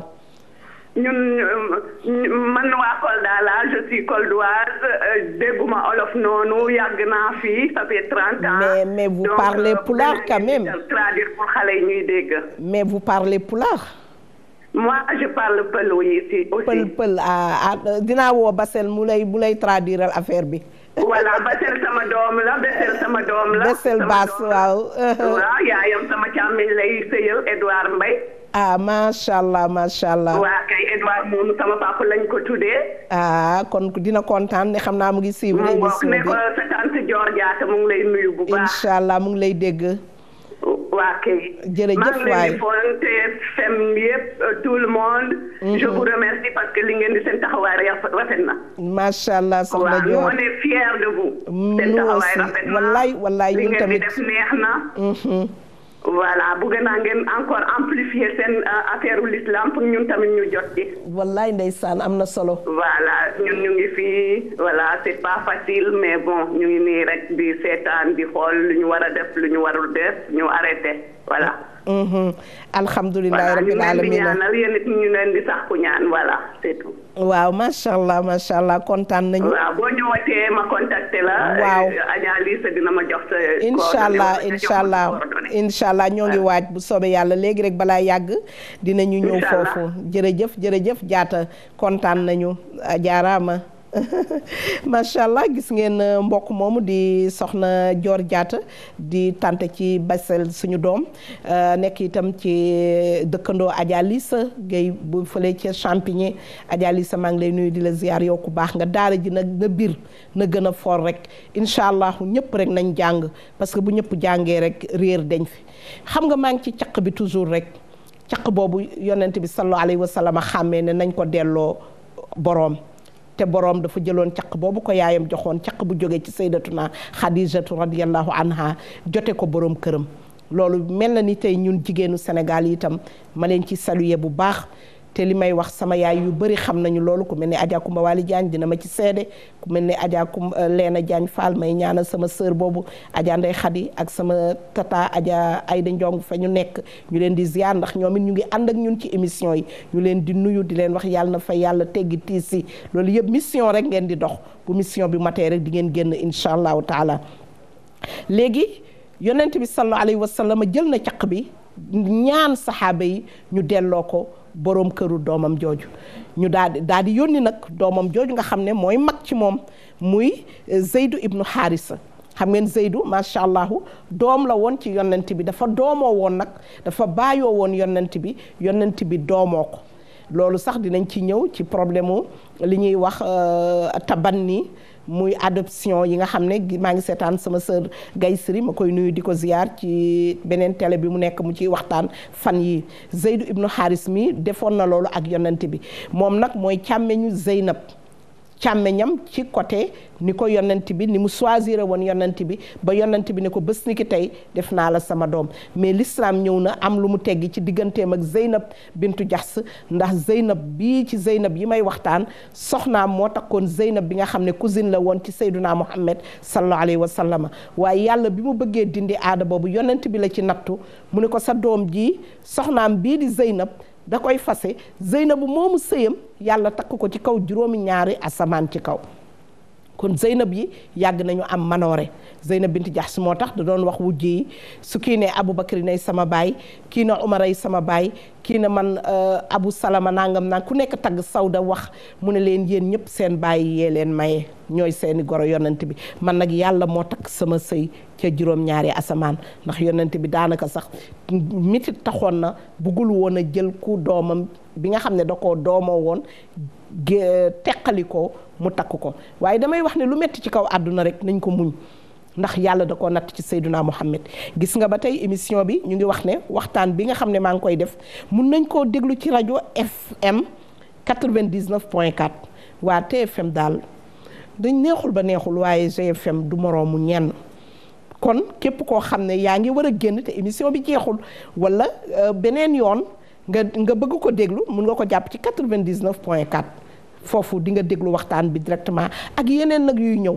ñun um, man waa Kolda la je suis coldoise euh, dégguma olof noonu yàgg naa fii ça fait trente ans. mais mais vous parlez euh, pulaar traduire pour xale yi ñuy dégg. mais vous parlez pulaar. moi je parle pël aussi. pël pël ah ah dinaa woo mu lay mu lay traduire affaire bi. voilà Bassel sama doom la Bassel sama doom la. Bassel Bass waaw. yaayam sama càmmiñ lay sëyal Edouard Mbaye. ah macha allah macha allah. waa kay Edouard moomu sama papa lañ ko tuddee. ah kon dina kontaan ne xam naa mu ngi suivre émission bi mu bokk ne sa tante allah mu ngi lay dégg. waa kay. jërëjëf waay maa ngi euh, mm-hmm. allah soxna Dior waaw on est fiers ngeen di def neex na. Mm-hmm. voilà bëgg naa ngeen encore amplifier seen euh, affaire u l'islam pour ñun tamit ñu jot ci. wallaay ndeysaan am na solo. voilà ñun ñu ngi fii wala c'est pas facile mais bon ñu ngi nii rek di seetaan di xool lu ñu war a def lu ñu warul def ñu arrêté wala mm-hmm. alhamdulilah rabbil alamin ñu leen di ñu leen di sax ku ñaan voilà c'est tout. waaw macha allah macha allah kontaan nañu. waaw boo ñëwatee ma contacté la. waaw allah incha allah incha allah ñoo ngi waaj bu soobee yàlla léegi rek balaa yàgg dinañu ñëw foofu. jërëjëf jërëjëf jaata kontaan nañu jaaraama. macha allah gis ngeen euh, mbokk moomu di soxna Dior Diatta di tante ci Basel suñu doom euh, nekk itam ci dëkkandoo Adja Lissa Guèye bu fële ca Champigny Adja Lissa maa ngi lay nuyu di la ziar yow baax nga daara ji nag na biir na gën a foor rek incha allah ñëpp rek nañ jàng parce que bu ñëpp jàngee rek réer dañ fi xam nga maa ngi ci caq bi toujours rek caq boobu yonent bi sallallahu alayhi wa xàmmee ne nañ ko delloo boroom. te boroom dafa jëloon caq boobu ko yaayam joxoon caq bu jógee ci saydatuna xadijatu radiallahu anha jote ko boroom këram loolu mel na ni tey ñun jigéenu Sénégal itam ma leen ci saluer bu baax te li may wax sama yaay yu bëri xam nañu loolu ku mel ni Adja Kumba Wali Diagne dina ma ci seede ku mel ni ne Adja Kumba euh, Leena Diagne Fall may ñaanal sama sœur boobu Adja Ndey Xadi ak sama tata Adja Ayda Njong fa ñu nekk ñu leen di ziar ndax ñoom it ñu ngi ànd ak ñun ci émission yi ñu leen di nuyu di leen wax yàlla na fa yàlla teggi tiis loolu yëpp mission rek ngeen di dox bu mission bi matee rek di ngeen génn incha allahu taala léegi yonent bi sallallahu alayhi wa sallam jël na caq bi ñaan ñu delloo ko borom këru doomam jooju ñu daal di daal di yónni nag doomam jooju nga xam ne mooy mag ci moom muy eh, Zeydu ibnu Haarisa xam ngeen Zeydu macha allah doom la woon ci yonent bi dafa doomoo woon nag dafa bàyyoo woon yonent bi yonent bi doomoo ko loolu sax dinañ ci ñëw ci problème li ñuy wax euh, tabanni muy adoption yi nga xam ne maa ngi seetaan sama sœur Gaye Siri ma koy nuyu di ko ziar ci beneen télé bi mu nekk mu ciy waxtaan fan yi Zeydou ibnu Haris mi defoon na loolu ak yonent bi moom nag mooy càmmeñu Zeynab càmmeñam ci côté ni ko yonent bi ni mu choisir woon yonent bi ba yonent bi ne ko bës ni ki tey def naa la sama doom mais l'islam ñëw na am lu mu tegg ci digganteem ak Zeynab bintu Jaxs ndax Zeynab bii ci Zeynab yi may waxtaan soxnaam moo takkoon Zeynab bi nga xam ne cousine la woon ci Seyduna Muhammad sallallahu alayhi wa sallama waaye yàlla bi mu bëggee dindi aada boobu yonent bi la ci nattu mu ne ko sa doom ji soxnaam bii di Zeynab da koy fase Zeynabu moomu sëyam yàlla takk ko ci kaw juróomi ñaari asamaan ci kaw kon Zeynab yi yàgg nañu am manoore Zeynab binti Jahsh moo tax da doon wax wujj yi su kii ne Aboubacry nay sama baay kii na Omar sama baay kii na man euh, Abu Salama nangam naan ku nekk tagg Sawda wax mu ne leen yéen ñëpp seen baay yee leen maye ñooy seeni goro yonent bi man nag yàlla moo takk sama sëy ca juróom-ñaari asamaan ndax yonent bi daanaka sax mitit taxoon na buggul woon a jël ku doomam bi nga xam ne da ko doomoo woon teqali ko mu takk ko waaye damay wax ne lu metti ci kaw àdduna rek nañ ko muñ ndax yàlla da ko natt ci Seyduna Muhammad gis nga ba tey émission bi ñu ngi wax ne waxtaan bi nga xam ne maa ngi koy def mun nañ koo déglu ci rajo FM 99 point 4 waa TFM daal dañ neexul ba neexul waaye GFM du moroomu ñeen kon képp koo xam ne yaa ngi war a génn te émission bi jeexul wala euh, beneen yoon nga nga bëgg ko déglu mun nga ko jàpp ci 99 point 4 foofu dinga déglu waxtaan bi directement ak yeneen nag yuy ñëw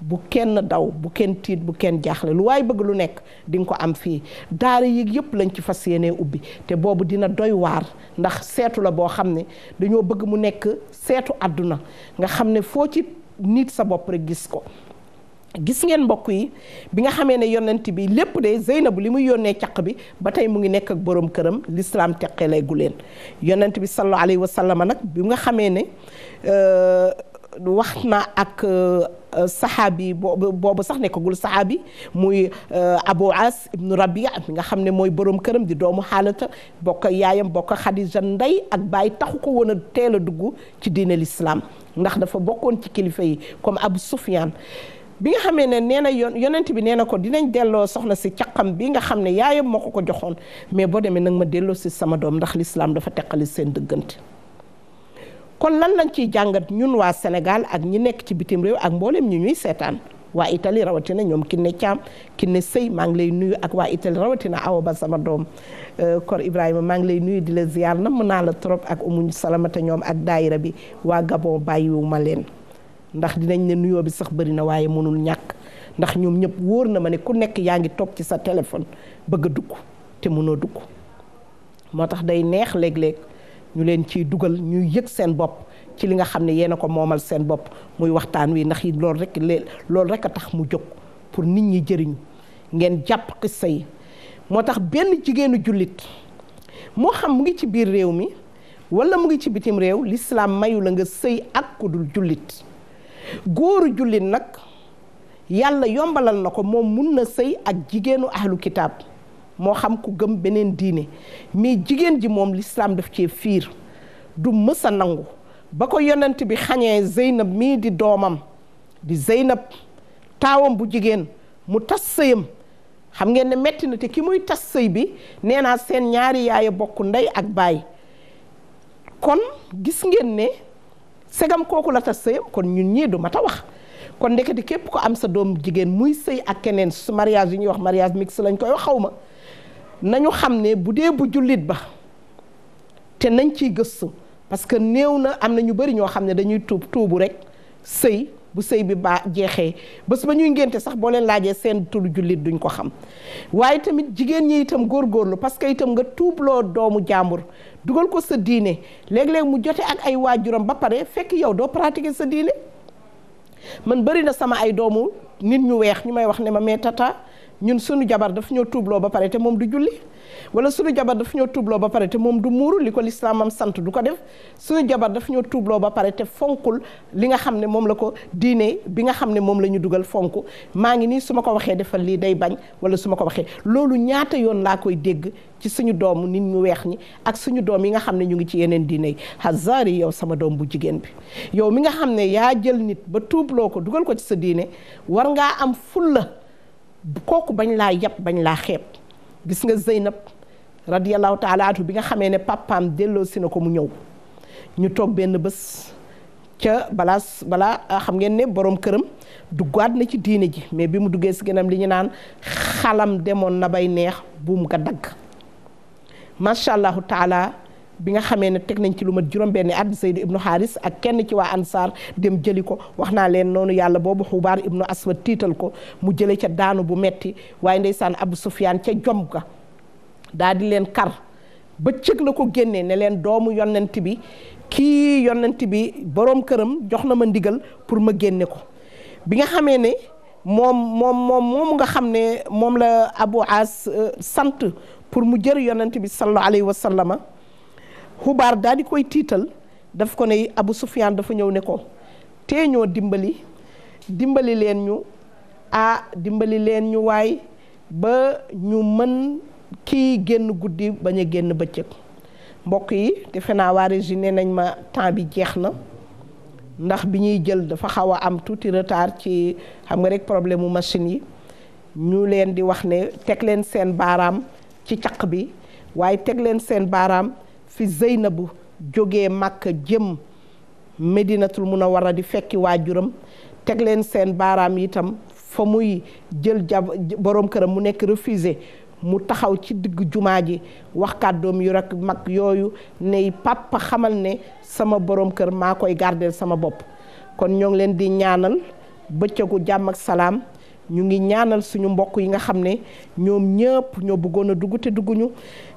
bu kenn daw bu kenn tiit bu kenn jaaxle lu waaye bëgg lu nekk di nga ko am fii daara yi yëpp lañ ci fas yéenee ubbi te boobu dina doy waar ndax seetu la boo xam ne dañoo bëgg mu nekk seetu àdduna nga xam ne foo ci nit sa bopp rek gis ko gis ngeen mbokk yi bi nga xamee ne yonent bi lépp de Zeynabu li muy yónnee caq bi ba tey mu ngi nekk ak borom këram lislaam teqeelee gu leen yonent bi sallallahu alayhi wa sallam nag bi nga xamee ne euh, wax na ak euh, saxaabi boobu sax nekkagul saxaabi muy euh, Abu As ibnu Rabia mi nga xam ne mooy borom këram di doomu xaalata bokk yaayam bokk Xadija ndey ak baay taxu ko woon a teel a dugg ci diine lislaam ndax dafa bokkoon ci kilifa yi comme Abu Sufyaan bi nga xamee ne nee na yon yonent bi nee na ko dinañ delloo soxna si caqam bi nga xam ne yaayam moo ko ko joxoon mais boo demee nag ma delloo si sama doom ndax lislaam dafa teqali seen dëggante kon lan lañ ciy jàngat ñun waa Sénégal ak ñi nekk ci bitim réew ak mboolem ñu ñuy seetaan waa Italie rawatina ñoom Kiné Thiam Kiné Sey maa ngi lay nuyu ak waa Italie rawatina Awa Ba sama doom euh, Kor Ibrahima maa ngi lay nuyu di la ziar namm naa la trop ak umuñ salamata ñoom ak daayira bi waa bàyyiwu ma leen ndax dinañ ne nuyoo bi sax bari na waaye mënul ñàkk ndax ñoom ñëpp wóor na ma ne ku nekk yaa ngi toog ci sa téléphone bëgg a dugg te mënoo dugg moo tax day neex léeg-léeg ñu leen ciy dugal ñuy yëg seen bopp ci li nga xam ne yéen a ko moomal seen bopp muy waxtaan wi ndax loolu rek loolu rek a tax mu jóg pour nit ñi jëriñu ngeen jàpp xissa yi moo tax benn jigéenu jullit moo xam mu ngi ci biir réew mi wala mu ngi ci bitim réew lislaam mayu la nga sëy ak ku dul jullit góoru jullit nag yàlla yombalal na ko moom mun na sëy ak jigéenu ahlu kitaab moo xam ku gëm beneen diine mais jigéen ji moom lislaam def cee fiir du mësa nangu ba ko yonent bi xañee Zeynab mii di doomam di Zeynab taawam bu jigéen mu tas sëyam xam ngeen ne metti na te ki muy tas sëy bi neena seen ñaari yaay bokk ndey ak baay kon gis ngeen ne segam kooku la tas sëyam kon ñun ñii du mat wax kon di képp ko am sa doom jigéen muy sëy ak keneen su mariage yi ñuy wax mariage mixte lañ koy wax xaw nañu xam ne bu dee bu jullit ba te nañ ciy gëstu parce que néew na am na ñu bëri ñoo xam ne dañuy tuub tuubu rek sëy bu sëy bi ba jeexee bés ba ñuy ngénte sax boo leen laajee seen turu jullit duñ ko xam waaye tamit jigéen ñi itam góorgóorlu parce que itam nga tuubloo doomu jàmbur dugal ko sa diine léeg-léeg mu jote ak ay waajuram ba pare fekk yow doo pratiquer sa diine man bëri na sama ay doomu nit ñu weex ñu may wax ne ma mais tata ñun suñu jabar daf ñoo tuubloo ba pare te moom du julli wala suñu jabar daf ñoo tuubloo ba pare te moom du muuru li ko lislaamam sant du ko def suñu jabar daf ñoo tuubloo ba pare te fonkul li nga xam ne moom la ko diine bi nga xam ne moom la ñu dugal fonk maa ngi nii su ma ko waxee defal lii day bañ wala su ma ko waxee loolu ñaata yoon laa koy dégg ci suñu doomu nit ñu weex ñi ak suñu doom yi nga xam ne ñu ngi ci yeneen diine yi Hazari yow sama doom bu jigéen bi yow mi nga xam ne yaa jël nit ba tuubloo ko dugal ko ci sa diine war ngaa am fulla kooku bañ laa yab bañ laa xeeb gis nga Zeynab radiyallahu taala anhu bi nga xamee ne papaam delloo si na ko mu ñëw ñu toog benn bés ca balaa balaa ah, xam ngeen ne boroom këram duggaat na ci diine ji mais bi mu duggee si gënam li ñu naan xalam demoon na bay neex buum nga dagg macha allahu taala bi nga xamee ne teg nañ ci lu mat juróom-benni at Saydu ibnu xaalis ak kenn ci waa Ansaar dem jëli ko wax naa leen noonu yàlla boobu xubaar ibnu Aswad tiital ko mu jële ca daanu bu metti waaye ndeysaan Abu Sufyaan ca jom ga daa di leen kar ba cëg la ko génnee ne leen doomu yonent bi kii yonent bi boroom këram jox na ma ndigal pour ma génne ko bi nga xamee ne moom moom moom nga xam ne moom la Abu As euh, sant pour mu jër yonent bi sallallahu alayhi wa sallama xubaar daal di koy tiital daf ko ne Abu Sufyaan dafa ñëw ne ko tee ñoo dimbali dimbali leen ñu ah dimbali leen ñu waay ba ñu mën kii génn guddi bañ a génn bëccëg mbokk yi defe naa waa nañ ma temps bi jeex na ndax bi ñuy jël dafa xaw a am tuuti retard ci xam nga rek problème mu machine yi ñu leen di wax ne teg leen seen baaraam ci caq bi waaye teg leen seen baaraam fi bu jógee makk jëm Medinatul Munawwara di fekki waajuram teg leen seen baaraam itam fa muy jël jab borom këram mu nekk refusé mu taxaw ci diggu jumaa ji wax kàddoom yu rek mag yooyu ne papa xamal ne sama borom kër maa koy gardeel sama bopp kon ñoo ngi leen di ñaanal bëccëgu jàmm ak salaam ñu ngi ñaanal suñu mbokk yi nga xam ne ñoom ñëpp ñoo bëggoon a dugg te dugguñu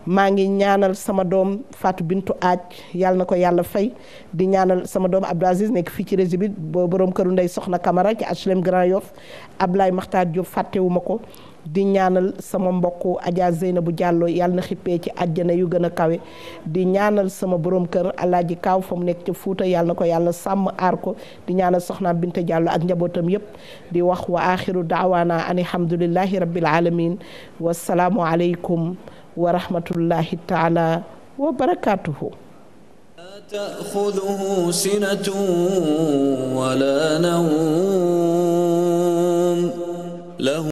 maa ngi ñaanal sama doom faatu bintu Aaj yàlla na ko yàlla fay di ñaanal sama doom Abdou Aziz nekk fii ci région bi borom këru ndey Soxna Camara ci HLM Grand Yoff Ablaye Makhtar Diop fàttewuma ko di ñaanal sama mbokku Adja Zeynabu Diallo yàlla na xippee ci àjjana yu gën a kawe di ñaanal sama borom kër Alaaji Kaaw fa mu nekk ci Fuuta yàlla na ko yàlla sàmm aar ko di ñaanal soxna Binta Diallo ak njabootam yépp di wax wa axiru daawaana ani alhamdulillahi rabbil alamin wasalaamu aleykum wa rahmatullahi taala wa barakaatuhu تأخذه سنة ولا نوم له